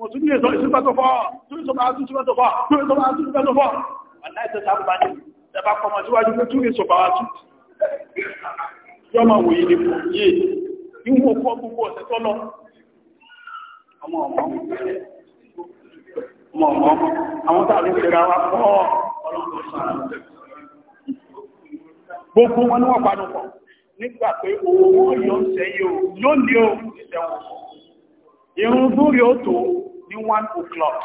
mutum ne zai shiga to fa tun so ba su shiga to fa tun so ba su shiga to fa wallahi ta samu ba ne da ba kuma zuwa ji tun ne so ba su yo ma wo yi ko ye in wo ko ọmọ ọmọ ọmọ àwọn tá a lè ṣera wa pọ̀ ọlọ́pọ̀ sára gbogbo wọn ni wọ́n panu pọ̀ nígbà pé owó yóò ń sẹ́yìn o yóò ní o ìṣẹ́wọ̀n irun zúrí ó tó ní 1 o'clock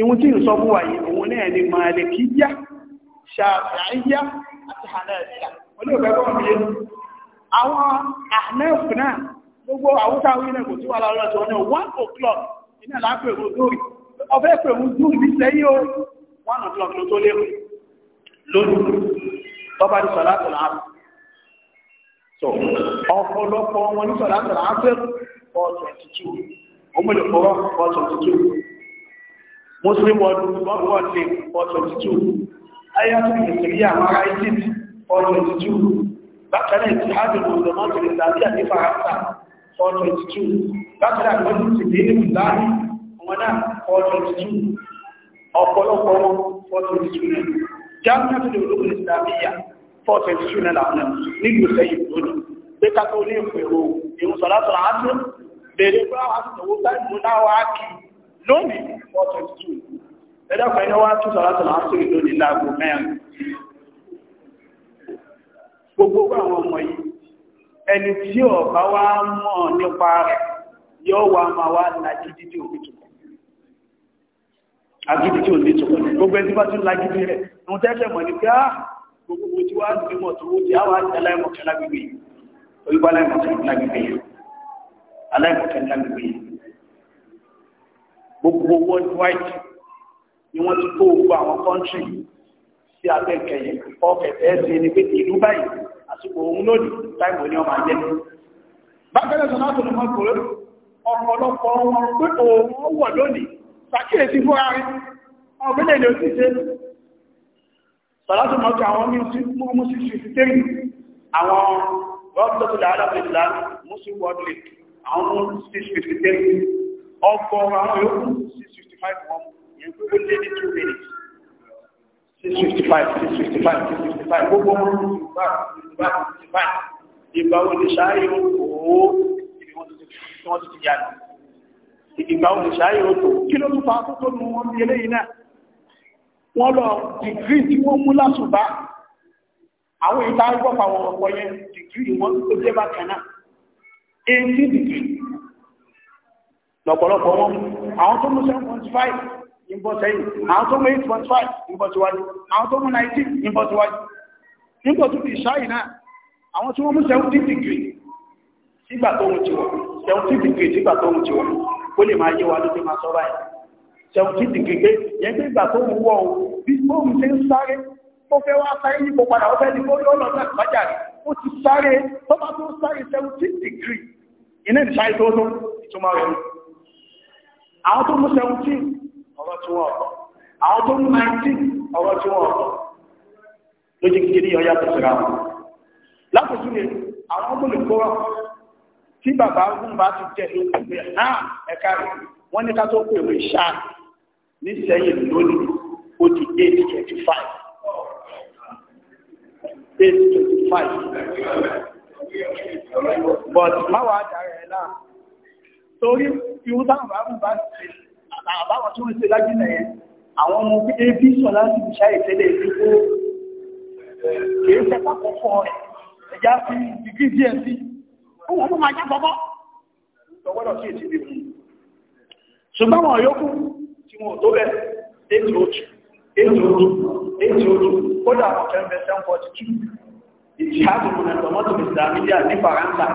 irun tí ń sọ fún wa yìí òun náà ni màálìkíyà ṣàfihàyà àti hànáàfíà olóògbẹ́gbọ́n mi àwọn àhnáàf náà gbogbo àwútáwí náà kò tí wà lọ́rọ̀ tó ní 1 o'clock iná lápẹ̀ òun zúrí ọfẹ́ pẹ̀ òun zúrí ní sẹ́yìn o 1 o'clock ló tó lérò lónìí tọ́ba ní sọ̀lá sọ̀lá ọ̀pọ̀lọpọ̀ wọn ní sọ̀lá 422 Ummul Qura 422 Muslim World World League 422 Ayatul Misriya Mara Egypt 422 Bákanáà Ìtìhádì Mùsùlùmọ́tì Ìsàlíyà ní Faransa 422 Bákanáà Mọ́sí ti dé ní Ìlànì wọn náà 422 ọ̀pọ̀lọpọ̀ wọn 422 Jámánà tó lè olóògùn Ìsàlíyà 422 náà nílùú sẹ́yìn lónìí. Pé ká tó ní ìpèrò ìrùsọ̀látọ̀ àásùn bèèrè pé àwọn àtìsọ̀wọ́ táìmù náà wá kí lónìí 422 ẹ̀dọ́kọ̀ ẹni wá tún sọ̀rọ̀ sọ̀rọ̀ sí ìlú ní láàgbò mẹ́rin gbogbo àwọn ọmọ yìí ẹni tí ọ̀bá wá mọ̀ nípa rẹ̀ yóò wá máa wá lágídí tí ò ní tukọ̀ agídí tí ò ní tukọ̀ gbogbo ẹni bá tún lágídí rẹ̀ mo tẹ́lẹ̀ mọ̀ ní pé á ah, gbogbo tí wá ń bímọ tó wó ti á wá jẹ́ láìmọ̀kẹ́ lágbègbè yìí aláìmọ̀kẹ́ńtà gbogbo yẹn gbogbo world wide ni wọ́n ti kó gbogbo àwọn kọ́ńtì sí abẹ́kẹ̀yẹ ọ̀kẹ̀tẹ̀ ẹ̀sìn ni pé ìlú báyìí àsìkò òun lónìí táìmù ni ọmọ ajẹ́ bákan náà sọ́nà àtúnú mọ́ kòrò ọ̀pọ̀lọpọ̀ wọn pé òun wọ̀ lónìí sàkíyèsí fúnra rẹ̀ ọ̀gbẹ́lẹ̀ ni ó ti ṣe sọ̀látù mọ́kí àwọn mú sí ṣe fi tẹ́rì àwọn rọ́pùtọ́tù làálàpẹ̀lá mú sí wọ́dlẹ̀kì àwọn 653 ọkọ̀ àwọn yòókù 655 wọn yẹn gbogbo lé ní 2 minutes 655 655 655 gbogbo wọn 655 655 ìgbà olùṣáyé òkòó ìbí wọ́n ti ti yàrá ìgbà olùṣáyé òkòó kí ló tún fa akókò nù wọn bí eléyìí náà wọ́n lọ dìgírì tí wọ́n mú lásùbá àwọn ìta gbọ́pàá wọn ọ̀pọ̀ yẹn dìgírì wọn tó jẹ́ bákan náà eighteen degree lọ́pọ̀lọpọ̀ wọn àwọn tó mú seven point five ń bọ́ sẹ́yìn àwọn tó mú eight point five ń bọ́ síwájú àwọn tó mú nineteen ń bọ́ síwájú nígbà tó fi ṣáyìn náà àwọn tí wọ́n mú seventeen degree sígbà tó ń tiwọ̀ seventeen degree sígbà tó ń tiwọ̀ ó lè máa yé wa ló ti máa sọ báyìí seventeen degree pé yẹn pé ìgbà tó ń wọ̀ o bí bóun ṣe ń sáré ó fẹ́ wá sáré yípo padà ó fẹ́ ní kó yóò lọ sí àgbájáde ó ti sáré tó bá tó sáré 17 degree iná ìṣá ìdóódó ìtumọ̀ rẹ̀ àwọn tó mú 17 ọ̀rọ̀ tí wọ́n ọ̀pọ̀ àwọn tó mú 19 ọ̀rọ̀ tí wọ́n ọ̀pọ̀ ló jẹ́ kíkiri ọ̀yà tó sira wọn lápòjú rẹ̀ àwọn ọmọ olùkọ́rọ̀ tí bàbá ń bá ti jẹ́ ìpè náà ẹ̀ka rẹ̀ wọ́n ní ká tó pè wọ́n ṣáà ní sẹ́yìn lónìí ó di 825 page twenty five but máa wà á darí ẹ̀ náà torí irú táwọn bá ń bá ṣe àbáwọn tí wọ́n ṣe lájú nìyẹn àwọn ọmọ ebi sọ láti fi ṣáyè tẹ́lẹ̀ ebi kó kìí ṣe pàkókò rẹ̀ ẹ̀já fi dìgí díẹ̀ sí fún wọn tó máa já bọ́bọ́ lọ́wọ́dọ̀ sí èsì bíbí ṣùgbọ́n wọn yókù tí wọn ò tó bẹ̀ débi òtù 802 kódà ọ̀kẹ́rẹ́ 742 ìjìhádù mọ̀nà tọmọ́tò ìsìlámídíà ní faransa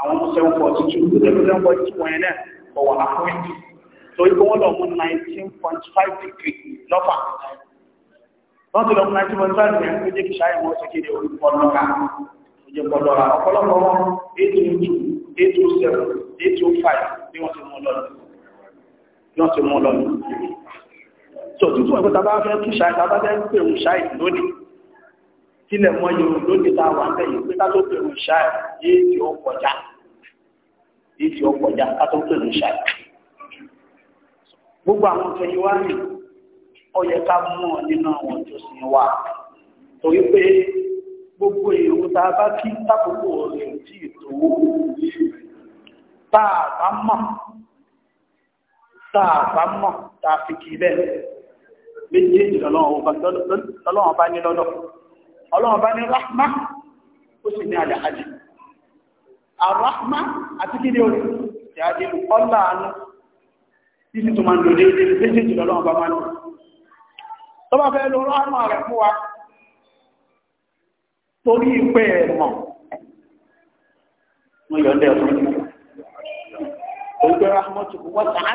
àwọn 742 lẹ́gbẹ̀ẹ́ 742 wọ̀nyẹn náà ọ̀wọ̀ àkọ́ẹ̀tì tó ikú wọ́n lọ mú 19.5 degree lọ́fà wọ́n ti lọ mú 19.5 degree tó jẹ́ kí ṣáyẹ̀ wọ́n ṣe kéde olùkọ́lọ́ka ìjẹ́kọ̀lọ́ra ọ̀pọ̀lọpọ̀ 802 827 805 bí wọ́n ti mú lọ́nà tó tútù ẹ̀kọ́ tàbá fẹ́ kí ṣáì tàbá fẹ́ pèrò ṣáì lónìí tílẹ̀ mọ́ yóò lónìí tá wà lẹ́yìn pé ká tó pèrò ṣáì yéé tí ó kọjá yéé tí ó kọjá ká tó pèrò ṣáì gbogbo àwọn tẹ̀yìn wá rìn ó yẹ ká mọ̀ nínú àwọn ìjọsìn wa torí pé gbogbo èèyàn tá a bá kí tábòkò rẹ̀ tí ètò tá a bá mọ̀ tá a bá mọ̀ tá a fi kì bẹ́ẹ̀ méjèèjì lọ́lọ́wọ́n bá ní lọ́dọ̀ ọlọ́wọ́n bá ní rahma ó sì ní àdáhàjì àrahma àti kí ni o yàdí ọlá àánú títí tó máa ń lò déédéé méjèèjì lọ́lọ́wọ́n bá máa ń lò tó bá fẹ́ lo rahma rẹ̀ fún wa torí ìpè ẹ̀mọ̀ wọ́n yọ̀ndẹ̀ fún mi ògbẹ́ra mọ́tò wọ́n sàá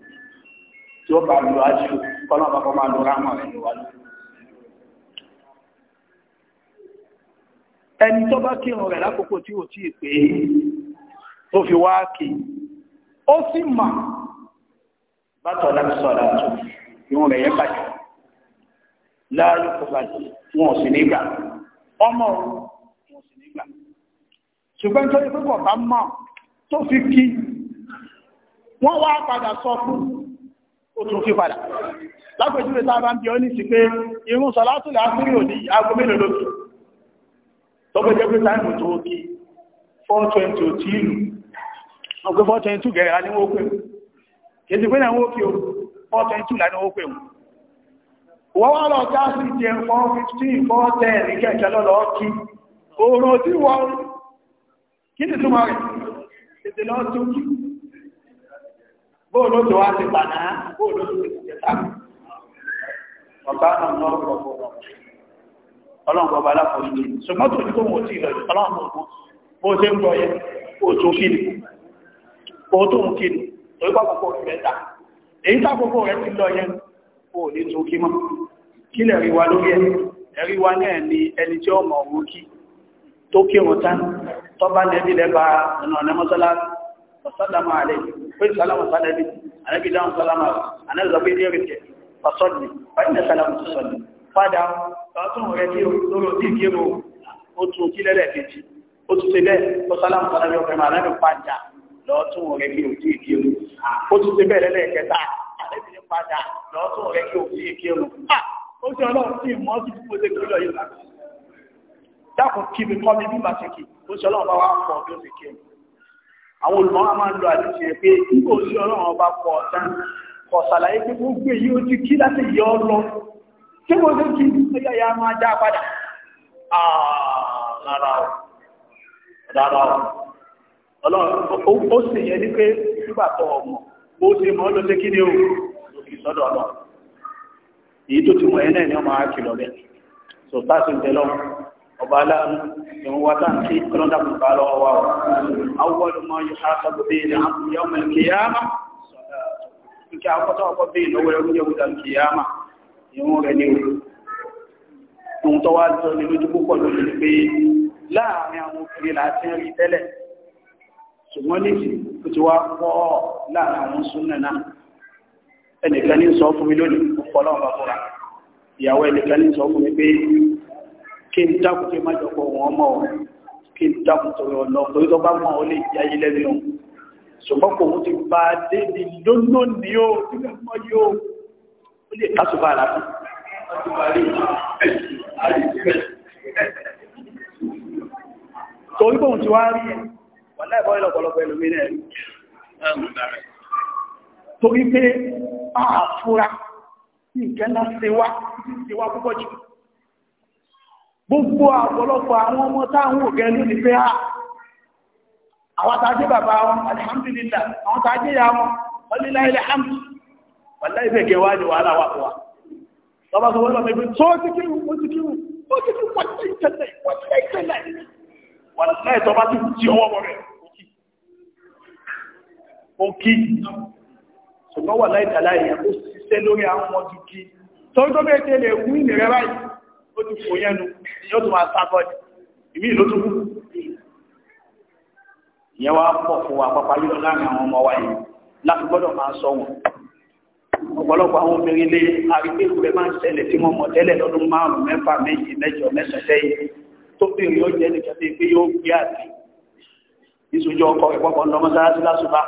tí ó bá lọ aṣọ kọ́nà bàbá máa lọ rámọ̀ rẹ̀ wà lọ. ẹni tó bá kírun rẹ̀ lákòókò tí ò tíì pé tó fi wá kí ó sì mà bàtọ̀ láti sọ̀rọ̀ àtò ìwọ̀n rẹ̀ yẹn bàjẹ́ láàyò kò bàjẹ́ wọn ò sì ní ọmọ wọn ò sì ní ṣùgbọ́n tó yẹ pé kọ̀ọ̀kan mọ̀ tó fi kí wọ́n wá padà sọ fún un ó tún fi padà lápẹjúwe tá a bá ń bí ọ ní sí pé irun sọlátù lásìrì òní aago mélòó lókè tọ́gbẹ́ jẹ́ pé táìmù tó kí 420 ò tí ìlú ọgbẹ́ 422 gẹ̀rẹ̀ aníwó pé kèsì pé náà wó kí o 422 láníwó pé o wọ́n wá lọ já sí jẹ 415 410 ní kẹ̀kẹ́ lọ́lọ́ kí oòrùn tí wọ́n kí ní túnmọ̀ rẹ̀ tètè bóòlù tó wá ti bàná bóòlù tó ti jẹta ọba ọmọ ọgbọgbọ ọlọ́nkọ ọba aláfọ̀ọ́lù ṣùgbọ́n tó ní kó wọ́n ti rẹ̀ ọlọ́nkọ ọgbọ́n bó ṣe ń gbọ́ yẹ òtò kìnnì òtò kìnnì torí pàkókò rẹ̀ ta èyí tàkókò rẹ̀ ti lọ yẹ kó ní ni ẹni tí ó mọ̀ òun kí tó kírun tán tọ́ba nẹ́bí wasallama alaihi kai salama sanadi annabi dan salama anan zabi da yake fasalli fa inna salama tusalli fada ka tun re ti loro ti kiro o tún ti lele keji o tún ṣe bẹ́ẹ̀ o salama sanadi o kema nabi fada lo tún re ki o ti kiro o tún ṣe bẹ́ẹ̀ lele kẹta annabi ni fada lo tún re ki o ti kiro ah o ṣe Ọlọ́run ti mo ti ko le kiro yi dákun kí mi kọ́ mi bí màá ṣe kí o ṣe Ọlọ́run bá wà pọ̀ bí ó ṣe kí mi àwọn olùmọ̀ wa máa ń lo àdìsí pé nígbò sí ọlọ́run ọba pọ̀ ọ̀tán kọ̀ ṣàlàyé pé ti kí láti yọ ọ lọ tí mo tó kí ẹyà ya máa já padà rárá o rárá o ọlọ́run ó sì yẹ ní pé ó mọ́ ọba aláàánú ìwọ̀n wa tán kí ọlọ́dà kò bá lọ́wọ́ wa o awọ́lu mọ́ yóò ṣáṣà bó bẹ́ẹ̀ ní àwọn ìyá ọmọ ìkìyàmá nkẹ́ akọ́tọ́ ọkọ́ bẹ́ẹ̀ lọ́wọ́ ẹrú yẹ̀wò dà ìkìyàmá ìwọ̀n rẹ̀ ni ohun tó wá jọ ní lójú púpọ̀ lónìí ni ìyàwó ẹnìkan ní sọ fún mi pé kí n dákùn tí má jọpọ̀ wọn mọ̀ ọ́ kí n dákùn tó yọ lọ torí tó bá mọ̀ ó lè yáyé lẹ́nu o ṣùgbọ́n kò wọ́n ti bá a débi lónà ní o nígbà mọ́ yóò ó lè ká sùpà àlàfo. torí bóun ti wá rí ẹ wà láì bọ́ ìlọ̀pọ̀lọpọ̀ ẹlòmí náà torí pé àfúrá nǹkan náà ṣe wá ṣe wá púpọ̀ jù gbogbo àpọ̀lọpọ̀ àwọn ọmọ táwọn òkè lónìí pé á ah, àwọn tàájé bàbá wọn alhamdulillah àwọn tàájé ya wọn ọlílá ilẹ̀ hamdu wàlá ìfẹ́ kẹwa ni wàhálà wà fún wa lọ́bà sọ wọ́n lọ́mọ ibi tó ti kírù ó ti kírù ó ti kírù wọ́n ti tẹ̀lẹ̀ wọ́n ti tẹ̀lẹ̀ wọ́n láì tọ́ bá ti di ọwọ́ bọ̀ rẹ̀ ó kí ṣùgbọ́n wàlá ìtàlá ìyẹn ó ṣiṣẹ́ lórí àwọn ọmọ tuntun tó tó bẹ́ẹ̀ tẹ̀lẹ̀ wú ìnira báyìí ó ti fò yẹnu yóò tún máa sábọ̀ ìmí ìlú tó kù ìyẹn wá pọ̀ fún wa pápá yóò láàrin àwọn ọmọ wa yìí láti gbọ́dọ̀ máa sọ wọn ọ̀pọ̀lọpọ̀ àwọn obìnrin lé arígbèrú rẹ̀ máa ń ṣẹlẹ̀ tí wọ́n mọ̀ tẹ́lẹ̀ lọ́dún márùn-ún mẹ́fà méjì mẹ́jọ mẹ́sàn-án sẹ́yìn tó bèèrè ó jẹ́ nìkan tí pé yóò gbé àti ìṣòjọ́ ọkọ̀ ìpọ́pọ̀ lọ́mọ́sára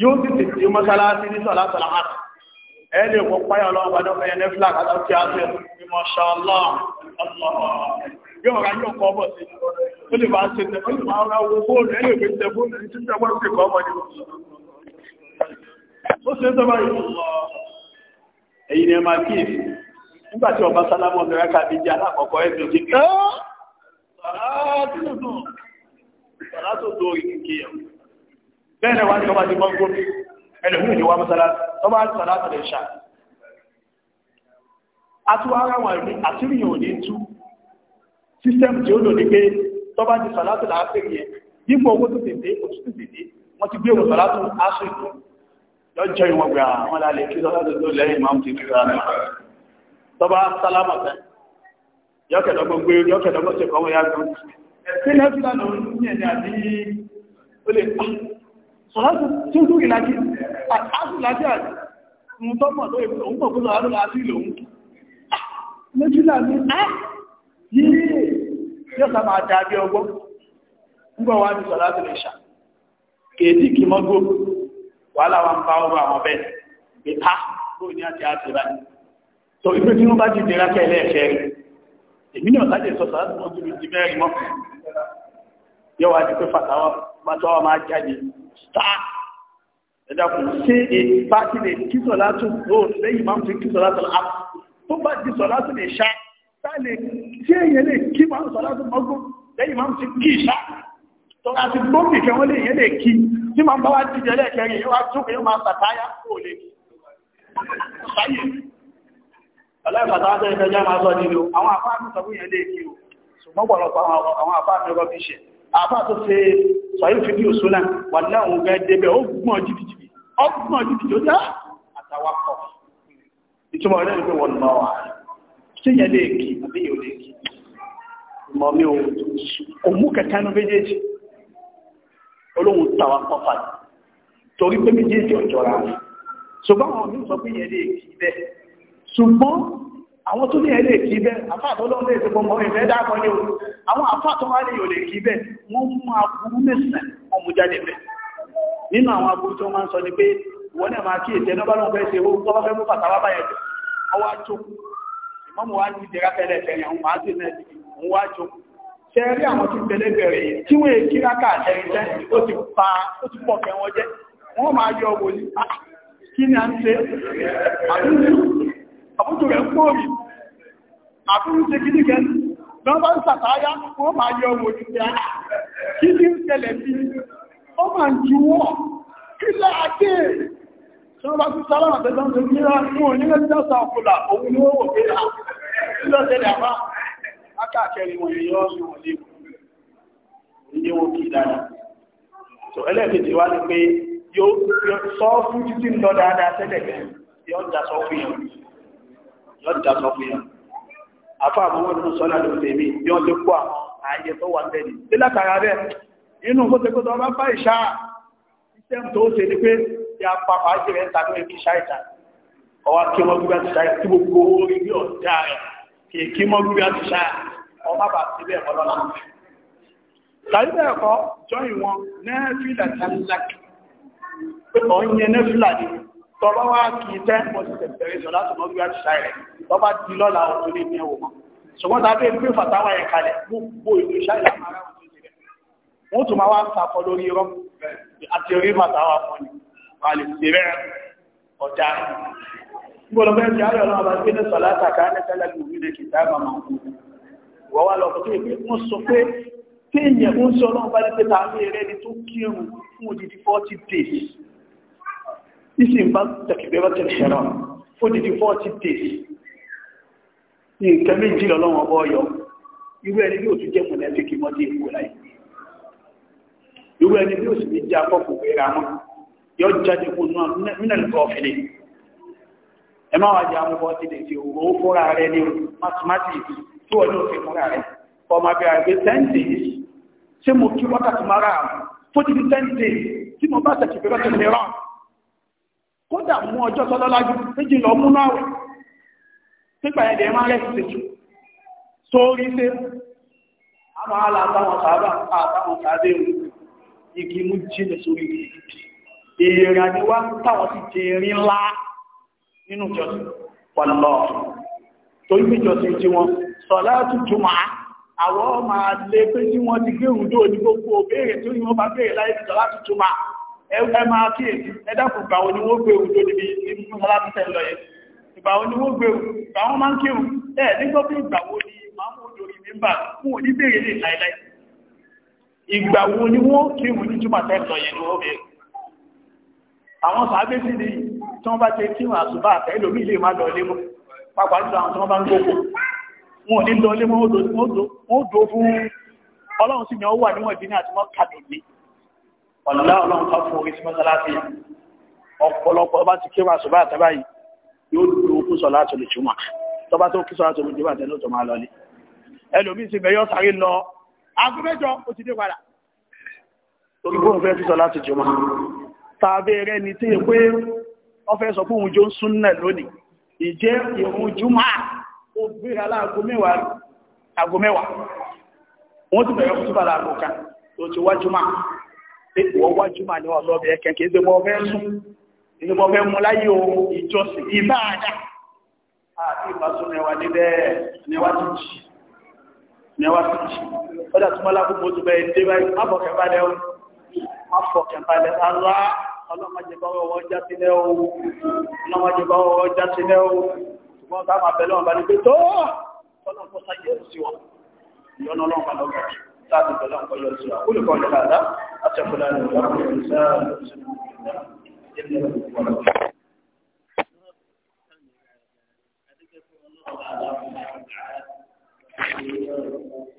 yóò sì tètè mọ́sálásí ní sọ̀lá sọ̀lá hàn ẹ lè wọ páyà ọlọ́run bá dọ́kọ̀ yẹn nẹ́fìlà kàtà sí àṣẹ ìmọ̀ṣà ọlọ́run yóò rà yóò kọ́ bọ̀ sí ó lè máa ṣe tẹ ó lè máa ra owó fóònù ẹ lè fi tẹ fóònù ní títí ọgbọ́n sì kọ́ ọmọdé ó ṣe tó báyìí èyí ni ẹ máa kí èsì nígbà tí ọba sálámọ̀ bẹ̀rẹ̀ kàbí jẹ́ alákọ̀ọ́kọ́ ẹ̀ tó ti kí ọ́ sọ̀rọ̀ tó tó rí kíkí ẹ̀ bẹ́ẹ̀ wá ní ọba ti bọ́ gómi ẹlòmíì ní wá mọ́sálásí ọba ti sọ̀rọ̀ àtọ̀lẹ̀ ṣá atú ara wọn ní àtúnyìn òní tú sísẹ́mù tí ó lò ní pé tọ́ba ti sọ̀rọ̀ àtọ̀lẹ̀ àfẹ́rì yẹn dípò owó tó tètè oṣù tó tètè wọ́n ti gbé wọn sọ̀rọ̀ àtọ̀lẹ̀ aṣọ ìlú lọ́jọ́ ìwọ̀n gbà wọn lálẹ́ kí lọ́lá tó lẹ́yìn máa ń ti kíra rẹ̀ tọ́ba sálámà fẹ́ yọ́kẹ̀dọ́gbọ́n gbé yọ́kẹ̀dọ́gbọ́n ṣe kọ́wọ́ yá gan-an sọ̀rọ̀sù tí ó tún ìlàjí àtàkùnlájí àti ohun tó mọ̀ tó ìpò òun pọ̀ kúrò àrùn láti ìlò òun méjìlá ní á yìí yóò sá máa dáadé ọgbọ́ ńgbọ́ wá ní sọ̀rọ̀sù lè ṣà kèèdì kí mọ́gbó wàhálà wa ń bá ọgbà àwọn bẹ́ẹ̀ pé á bóò ní àti àti báyìí tó ìpé tí wọ́n bá ti dèrà kẹ́lẹ́ ẹ̀fẹ́ rẹ̀ èmi ní ọ̀sájẹ̀ star ẹ̀dàkùn ṣé bá ti lè kí sọ̀lá tó lóòrùn lẹ́yìn máa ń fi kí sọ̀lá tó lọ́ tó bá di sọ̀lá tó lè ṣá tá lè tí èèyàn lè kí máa ń sọ̀lá tó mọ́gbọ́n lẹ́yìn máa ń fi kí ìṣá tó a ti gbó kìkẹ́ wọn lè yẹn lè kí tí máa ń bá wá dìde lẹ́ẹ̀kẹrin yóò wá tókè yóò máa sàtáyà kó lè kí sáyè aláìfàtà wájẹ́ ìfẹ́jẹ́ máa sọ nílò àwọn àfáà mi sọ fún yẹn lè kí o ṣùgbọ́n pọ̀lọpọ̀ àwọn àfáà mi rọ́bíṣẹ̀ àfáà sọ̀yìn fi bí òṣùnà wà láwọn ọgbẹ́ débẹ̀ ó gbọ́n jìbìjìbì ọgbọ́n jìbìjì ó dá àtàwápọ̀ ìtumọ̀ rẹ̀ nígbẹ̀ wọ́n lọ wà sí yẹn lè kí àbí yóò lè kí mọ̀ mi ò àwọn tó ní ẹ̀ lè kí bẹ́ àfáàtọ́lọ́ lè ṣe pọmọ ìfẹ́ dákọ́ ní o àwọn àfáàtọ́wà lè yóò lè kí bẹ́ wọ́n mú aburú mẹ́sàn ọmọ jáde bẹ́ nínú àwọn aburú tó máa ń sọ ni pé wọ́n náà máa kí ètẹ́ náà bá lọ́n fẹ́ ṣe owó tọ́wọ́ fẹ́ pa ó ti pọ̀ fẹ́ wọn jẹ́ ah, ni à ń ṣe àbúrú àbújù rẹ̀ kóòrì àbúrú ṣe kí nìkẹ́ wọ́n bá ń sàtáyá wọ́n máa yọ wò ní pé ah, kí ní ṣẹlẹ̀ sí ó máa ń kí láàáké tí tó ní ah, wọn yóò sọ fún títí lọ dáadáa tẹ́lẹ̀ yóò dá sọ fún yẹn lọ́dà sọ fún yàn afọ àbúrò nínú sọ́lá ló tèmi bí wọ́n ti kó àwọn ààyè tó wà bẹ́ẹ̀ ni tí látara rẹ̀ inú kó tẹ́ kó tọ́ bá bá ìṣá iṣẹ́ tó ṣe ni pé tí a pa pàájì rẹ̀ ta lórí kí ṣáìta ọwá kí wọ́n gbígbá ti ṣáì tí gbogbo orí bí ọ̀dá rẹ̀ kì í kí wọ́n gbígbá ti ṣáì ọmọ bá ti bẹ́ẹ̀ kọ́ lọ́la tàbí bẹ́ẹ̀ kọ́ jọ́yìn wọn nẹ́ẹ̀fìlà tàbí lákì pé ọ̀ ń yẹ nẹ́ẹ̀fìlà nìyẹn tọba wa kì í tẹ́ mọ̀ sí tẹ̀tẹ̀rẹ̀ sọ láti mọ́gbé àti ṣáìrẹ̀ tọba di lọ́la ọ̀tún ní ìpínlẹ̀ wọn ṣùgbọ́n tàbí pé fàtàwà yẹn kalẹ̀ gbogbo ìlú ṣáìrẹ̀ àmàrà wọn tó ti rẹ̀ wọ́n tún máa wá ń sàkọ lórí irọ́ àti orí fàtàwà fún ni wà lè ṣe rẹ̀ ọjà gbọ́dọ̀gbẹ́ ti ayọ̀ náà bá gbé ní sọ̀látà ká ní tẹ́lẹ̀ lùmí ní kìtà màmá wọ́n wá lọ pé wọ́n sọ pé téèyàn ń sọ ọlọ́run bá ní pé tàbí rẹ̀ ni tó kírun fún odidi 40 days ìsìn bá tẹ̀kìbẹ̀rẹ̀ ṣẹ̀rọ ó dìdí 40 days ní nǹkan méjì lọ́lọ́wọ́ ọyọ irú ẹni bí ó tún jẹ́ mọ̀lẹ́fíkì mọ́ sí èkó láì irú ẹni bí ó sì ní jẹ́ akọ́kù wéra mọ́ yọ jáde kó náà mínàlùkọ́ ọ̀fìnì ẹ máa wájá mú 40 days òwò fúnra rẹ ní mathematics tí wọ́n ní òfin fúnra rẹ ọmọ abẹ́ àgbẹ̀ 10 days ṣé mo kí wákàtí mara fójì 10 days tí mo bá tẹ̀kìbẹ̀rẹ̀ ṣẹ̀rọ kódà mú ọjọ́ tọ́lọ́lájú méjì lọ mú náà rẹ̀ nígbà ẹ̀dẹ̀ máa rẹ̀ sí jù sórí tẹ́ a máa látàwọn sàábà àtàwọn sàádé igi mú jílẹ̀ sórí èèrè àdíwá táwọn sì jẹ rí ńlá nínú jọsí pọ̀lọ̀ tó yí jọsí tí wọn sọ̀lá tuntun máa àwọ́ máa lé pé tí wọ́n ti gbé òun dóò ní gbogbo òbéèrè tó wọ́n bá béèrè láì sọ̀lá tuntun ẹ máa kí èsì ẹ̀dàkùn gbàwọn ni wọ́n gbé òun tó níbi ìmúlátẹ́ lọ yẹn ìgbàwọn ni wọ́n gbé òun gbàwọn máa ń kírun ẹ̀ nígbọ́ bí ìgbàwọn ni máa mú òdòrí mímbà fún òní bèèrè lè láìláì ìgbàwọn ni wọ́n kírun ní jùmọ̀tẹ́ lọ yẹn ni wọ́n bẹ̀rẹ̀ àwọn sàábé sì ni tí wọ́n bá ti kírun àsùbá àtẹ́ ẹlòmí ilé má lọ lémọ́ pàpà jù àwọn tí wọ́n bá ń gbókò wọn ò ní lọ lémọ́ ó dò fún ọlọ́run sì ni ọ̀lá ọlọ́run kan fún orí sí mọ́sálásí ọ̀pọ̀lọpọ̀ ọba ti kéwà sọ́bà àtàbà yìí yóò dúró kú sọ láti lè túmọ̀ tọ́ba tó kú sọ láti lè jẹ́ bàtẹ́ lóòótọ́ máa lọlé ẹlòmíín sì bẹ̀yọ́ sáré lọ aago mẹ́jọ ó ti dé padà torí bóun fẹ́ sísọ láti jùmọ̀ tàbí rẹ ni tí ì pé wọ́n fẹ́ sọ fún òun jó ń sún náà lónìí ìjẹ́ ìrun jùmọ̀ ó gbéra láago mẹ́wàá aago mẹ́wàá wọ́n ti bẹ̀rẹ̀ kú sí padà àgùkà tó ti wá jùmọ̀ pé wọ́n wájú mà ní ọlọ́bẹ̀ ẹ̀kẹ́ kìí ṣe wọ́n fẹ́ inú bọ́ fẹ́ mú láyé o ìjọsìn ìbáadà àti ìbásùn ẹwà níbẹ̀ níwá ti jì níwá ti jì ọjà tí mọ́lá fún mọ́tò bẹ́ẹ̀ dé báyìí má fọ̀ kẹfà lẹ́ o má fọ̀ lẹ́ ara ọlọ́mọdé bá wọ́wọ́ já sílẹ̀ o ọlọ́mọdé bá wọ́wọ́ já sílẹ̀ o ṣùgbọ́n táwọn ساتي بلان قيل السلام كل قول هذا أتقل أن الله الإنسان Thank you.